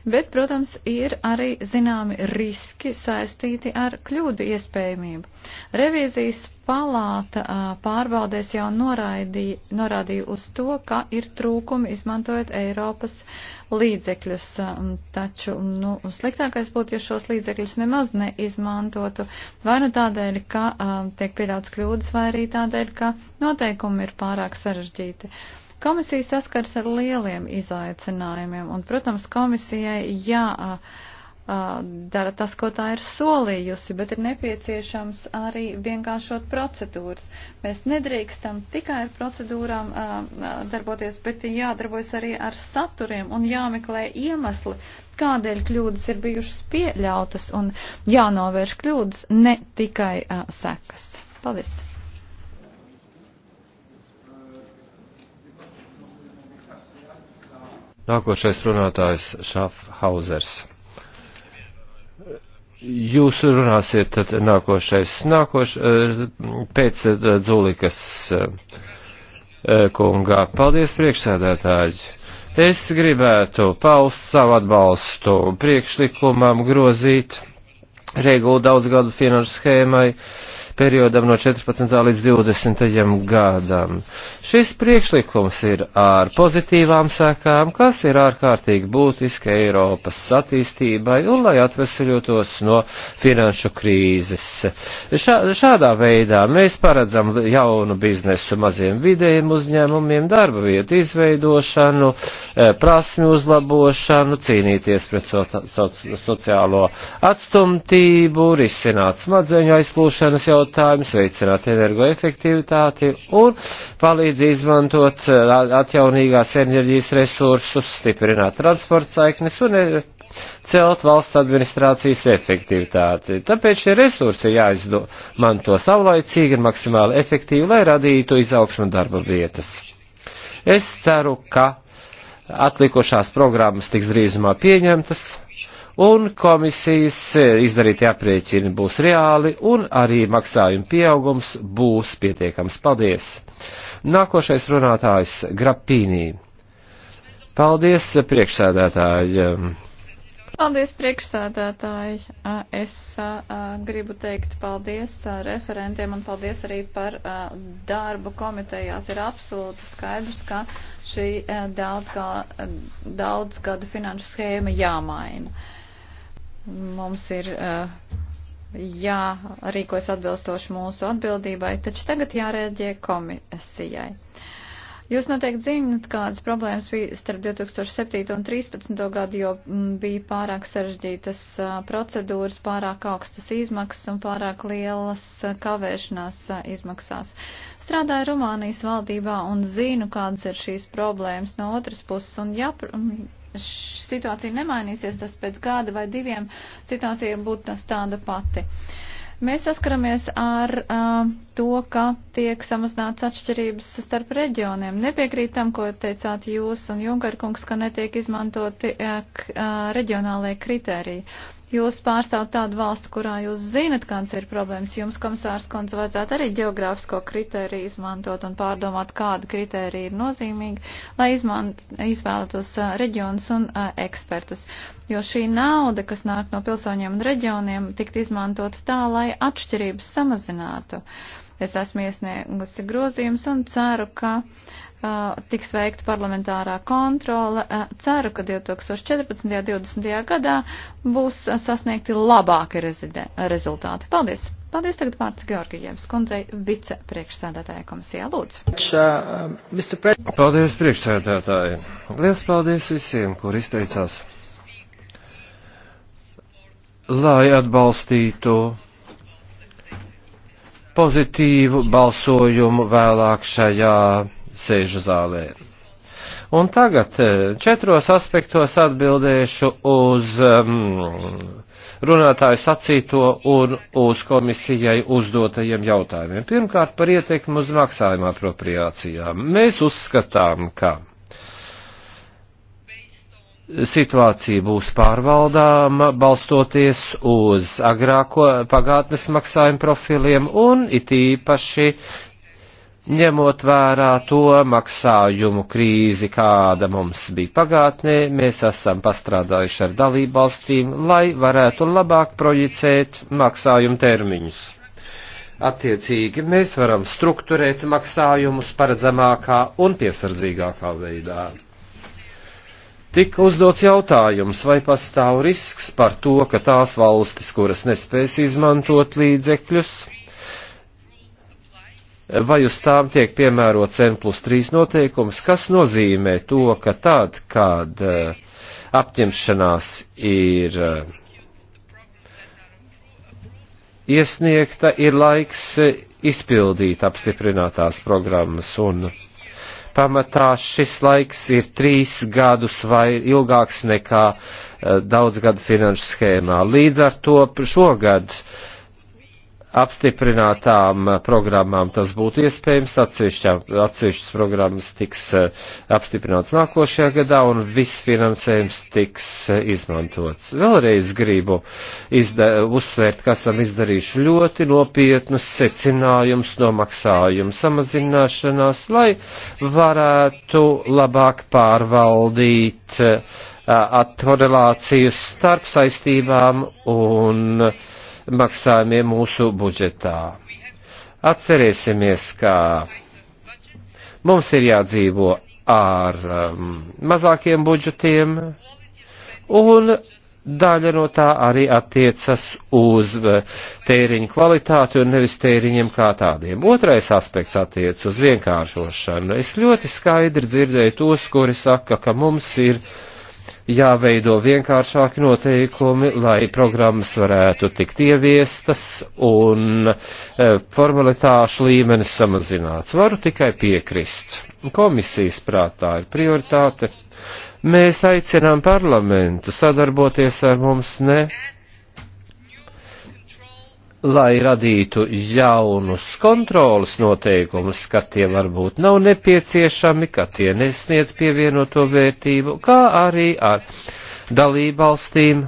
Bet, protams, ir arī zināmi riski saistīti ar kļūdu iespējamību. Revīzijas palāta pārbaudēs jau noraidīja, norādīja uz to, ka ir trūkumi izmantojot Eiropas līdzekļus. Taču nu, sliktākais būtu, ja šos līdzekļus nemaz neizmantotu, vai nu tādēļ, ka tiek pieļauts kļūdas, vai arī tādēļ, ka noteikumi ir pārāk sarežģīti. Uh, Komisija saskars ar lieliem izaicinājumiem, un, protams, komisijai jā, dara tas, ko tā ir solījusi, bet ir nepieciešams arī vienkāršot procedūras. Mēs nedrīkstam tikai ar procedūrām darboties, bet jādarbojas arī ar saturiem un jāmeklē iemesli, kādēļ kļūdas ir bijušas pieļautas un jānovērš kļūdas, ne tikai sekas. Paldies! Nākošais runātājs Šafhauzers. Jūs runāsiet tad nākošais, nākoš, eh, pēc eh, Dzūlikas eh, kungā. Paldies, priekšsēdētāji! Es gribētu paust savu atbalstu priekšlikumam grozīt regulu daudzgadu finanšu schēmai periodam no 14. līdz 20. gadam. Šis priekšlikums ir ar pozitīvām sekām, kas ir ārkārtīgi būtiski Eiropas attīstībai un lai atvesaļotos no finanšu krīzes. Šā, šādā veidā mēs paredzam jaunu biznesu maziem vidējiem uzņēmumiem, darba vietu izveidošanu, e, prasmju uzlabošanu, cīnīties pret so, so, sociālo atstumtību, risināt smadzeņu aizplūšanas jautājumu, jautājumus, veicināt energoefektivitāti un palīdz izmantot eh, atjaunīgās enerģijas resursus, stiprināt transporta saiknes un eh, celt valsts administrācijas efektivitāti. Tāpēc šie resursi jāizmanto savlaicīgi un maksimāli efektīvi, lai radītu izaugsmu darba vietas. Es ceru, ka atlikušās programmas tiks drīzumā pieņemtas un komisijas e, izdarītie aprēķini būs reāli, un arī maksājuma pieaugums būs pietiekams. Paldies! Nākošais runātājs Grapīnī. Paldies, priekšsēdētāji! Paldies, priekšsēdētāji! Es gribu teikt paldies referentiem un paldies arī par darbu komitejās. Ir absolūti skaidrs, ka šī daudzgadu daudz finanšu schēma jāmaina Mums ir eh, jārīkojas atbilstoši mūsu atbildībai, taču tagad jārēģē komisijai. Jūs noteikti zinat, kādas problēmas bija starp 2007 un 2013 gadu, jo mm, bija pārāk sarežģītas eh, procedūras, pārāk augstas izmaksas un pārāk lielas eh, kavēšanās izmaksās. Strādāju Rumānijas valdībā un zinu, kādas ir šīs problēmas no otras puses. Un, ja, situācija nemainīsies, tas pēc gada vai diviem situācija būtu tāda pati. Mēs saskaramies ar uh, to, ka tiek samazināts atšķirības starp reģioniem. Nepiekrīt tam, ko teicāt jūs un Junkarkungs, ka netiek izmantoti uh, reģionālajie kritēriji. Jūs pārstāvat tādu valstu, kurā jūs zinat, kāds ir problēmas. Jums, komisārs Kons, vajadzētu arī geogrāfisko kritēriju izmantot un pārdomāt, kāda kritērija ir nozīmīga, lai izmant, izvēlētos uh, reģionus un uh, ekspertus. Jo šī nauda, kas nāk no pilsoņiem un reģioniem, tikt izmantot tā, lai atšķirības samazinātu. Es esmu iesniegusi grozījums un ceru, ka uh, Uh, tiks veikta parlamentārā kontrole. Uh, ceru, ka 2014. un 2020. gadā būs uh, sasniegti labāki rezidē, rezultāti. Paldies! Paldies tagad vārds Georgijevs kundzei vicepriekšsēdētāja komisijā. Lūdzu! Paldies priekšsēdētāji! Liels paldies visiem, kur izteicās, lai atbalstītu pozitīvu balsojumu vēlāk šajā sēžu zālē. Un tagad eh, četros aspektos atbildēšu uz um, runātāju sacīto un uz komisijai uzdotajiem jautājumiem. Pirmkārt, par ietekmi uz maksājuma apropriācijām. Mēs uzskatām, ka situācija būs pārvaldāma, balstoties uz agrāko pagātnes maksājumu profiliem un it īpaši ņemot vērā to maksājumu krīzi, kāda mums bija pagātnē, mēs esam pastrādājuši ar dalību valstīm, lai varētu labāk projicēt maksājumu termiņus. Attiecīgi, mēs varam strukturēt maksājumus paredzamākā un piesardzīgākā veidā. Tika uzdots jautājums, vai pastāv risks par to, ka tās valstis, kuras nespēs izmantot līdzekļus, vai uz tām tiek piemērots N plus 3 noteikums, kas nozīmē to, ka tad, kad eh, apņemšanās ir eh, iesniegta, ir laiks eh, izpildīt apstiprinātās programmas un pamatā šis laiks ir trīs gadus vai ilgāks nekā daudz gadu finanšu schēmā. Līdz ar to šogad uh, apstiprinātām eh, programmām tas būtu iespējams, atsevišķas programmas tiks eh, apstiprināts nākošajā gadā un viss finansējums tiks eh, izmantots. Vēlreiz gribu uzsvērt, ka esam izdarījuši ļoti nopietnus secinājumus no maksājuma samazināšanās, lai varētu labāk pārvaldīt atkorelāciju starp saistībām un uh, maksājumiem mūsu budžetā. Atcerēsimies, ka mums ir jādzīvo ar um, mazākiem budžetiem, un daļa no tā arī attiecas uz uh, tēriņu kvalitāti un nevis tēriņiem kā tādiem. Otrais aspekts attiec uz vienkāršošanu. Es ļoti skaidri dzirdēju tos, kuri saka, ka mums ir uh, jāveido vienkāršāki noteikumi, lai programmas varētu tikt ieviestas un e, formalitāšu līmenis samazināts. Varu tikai piekrist. Komisijas prātā ir prioritāte. Mēs aicinām parlamentu sadarboties ar mums ne lai radītu jaunus kontrolas noteikumus, ka tie varbūt nav nepieciešami, ka tie nesniedz pievienoto vērtību, kā arī ar dalībvalstīm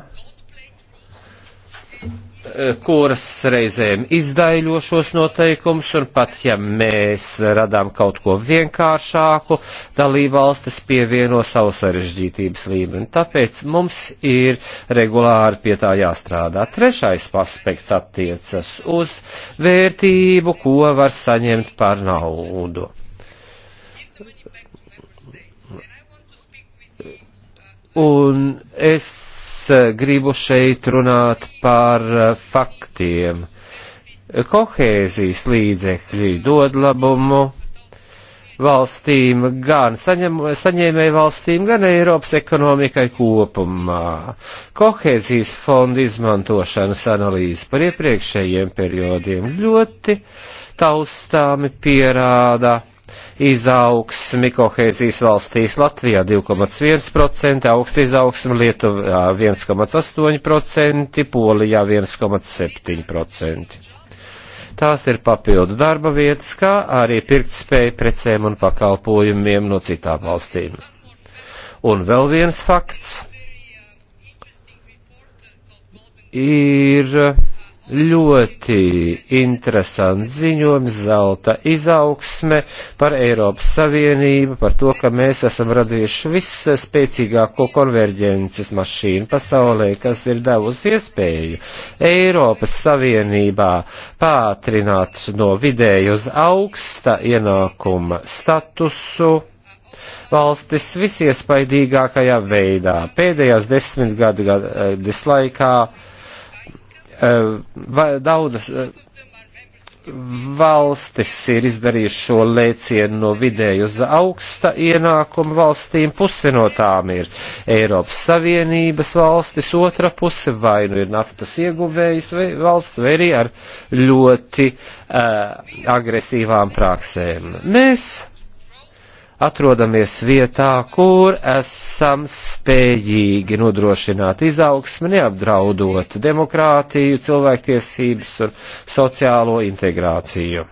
kuras reizēm izdaiļo šos noteikumus, un pat ja mēs radām kaut ko vienkāršāku, dalībvalstis pievieno savu sarežģītības līmeni. Tāpēc mums ir regulāri pie tā jāstrādā. Trešais aspekts attiecas uz vērtību, ko var saņemt par naudu. Un es Eh, gribu šeit runāt par eh, faktiem. Kohēzijas līdzekļi dod labumu valstīm, gan saņem, saņēmēju valstīm, gan Eiropas ekonomikai kopumā. Kohēzijas fonda izmantošanas analīze par iepriekšējiem periodiem ļoti taustāmi pierāda izaugsmi kohēzijas valstīs Latvijā 2,1%, augsta izaugsmi Lietuvā 1,8%, Polijā 1,7%. Tās ir papildu darba vietas, kā arī pirktspēja precēm un pakalpojumiem no citām valstīm. Un vēl viens fakts ir ļoti interesants ziņojums, zelta izaugsme par Eiropas Savienību, par to, ka mēs esam radījuši visspēcīgāko konverģences mašīnu pasaulē, kas ir devusi iespēju Eiropas Savienībā pātrināt no vidēju uz augsta ienākuma statusu valstis visiespaidīgākajā veidā. Pēdējās desmit gadu, gadu, gadu eh, laikā Eh, daudzas eh, valstis ir izdarījuši šo lēcienu no vidēju uz augsta ienākumu valstīm. Puse no tām ir Eiropas Savienības valstis, otra puse vai nu ir naftas ieguvējas vai valsts, vai arī ar ļoti uh, agresīvām praksēm. Mēs atrodamies vietā, kur esam spējīgi nodrošināt izaugsmi, neapdraudot demokrātiju, cilvēktiesības un sociālo integrāciju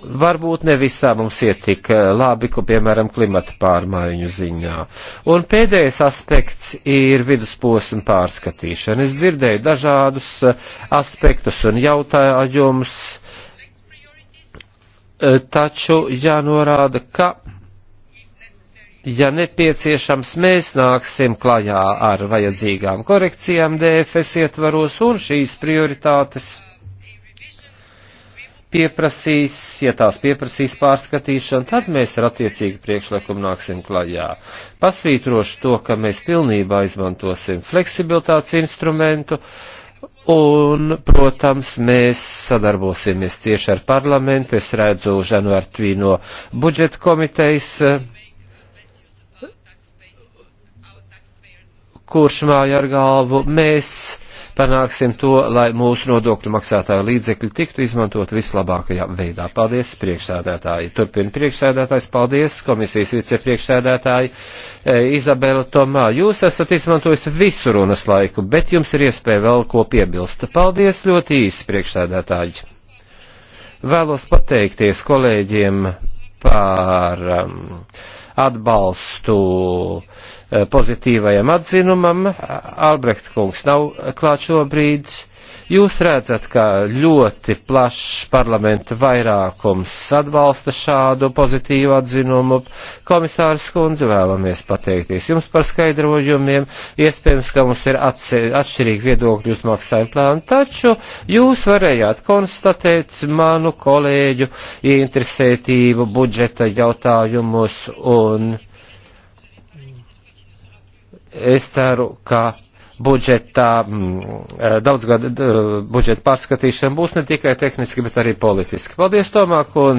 varbūt ne visā mums iet tik eh, labi, ko piemēram klimata pārmaiņu ziņā. Un pēdējais aspekts ir vidusposma pārskatīšana. Es dzirdēju dažādus eh, aspektus un jautājumus, eh, taču jānorāda, ka ja nepieciešams, mēs nāksim klajā ar vajadzīgām korekcijām DFS ietvaros un šīs prioritātes pieprasīs, ja tās pieprasīs pārskatīšanu, tad mēs ar attiecīgu priekšlikumu nāksim klajā. Pasvītrošu to, ka mēs pilnībā izmantosim fleksibilitātes instrumentu, un, protams, mēs sadarbosimies cieši ar parlamentu. Es redzu Žanu Artvī no budžeta komitejas, kurš māja ar galvu. Mēs panāksim to, lai mūsu nodokļu maksātāju līdzekļi tiktu izmantot vislabākajā veidā. Paldies, priekšsēdētāji. Turpina priekšsēdētājs, paldies, komisijas vicepriekšsēdētāji. E, Izabela Tomā, jūs esat izmantojis visu runas laiku, bet jums ir iespēja vēl ko piebilst. Paldies ļoti īsi, priekšsēdētāji. Vēlos pateikties kolēģiem par um, atbalstu uh, Eh, pozitīvajam atzinumam. Albrecht kungs nav klāt šobrīd. Jūs redzat, ka ļoti plašs parlamenta vairākums atbalsta šādu pozitīvu atzinumu. Komisārs Kundze vēlamies pateikties jums par skaidrojumiem. Iespējams, ka mums ir atšķirīgi viedokļi uz maksājumu plānu, taču jūs varējāt konstatēt manu kolēģu ieinteresētību budžeta jautājumus un Es ceru, ka budžetā, mm, eh, daudzgad eh, budžeta pārskatīšana būs ne tikai tehniski, bet arī politiski. Paldies, Tomā, un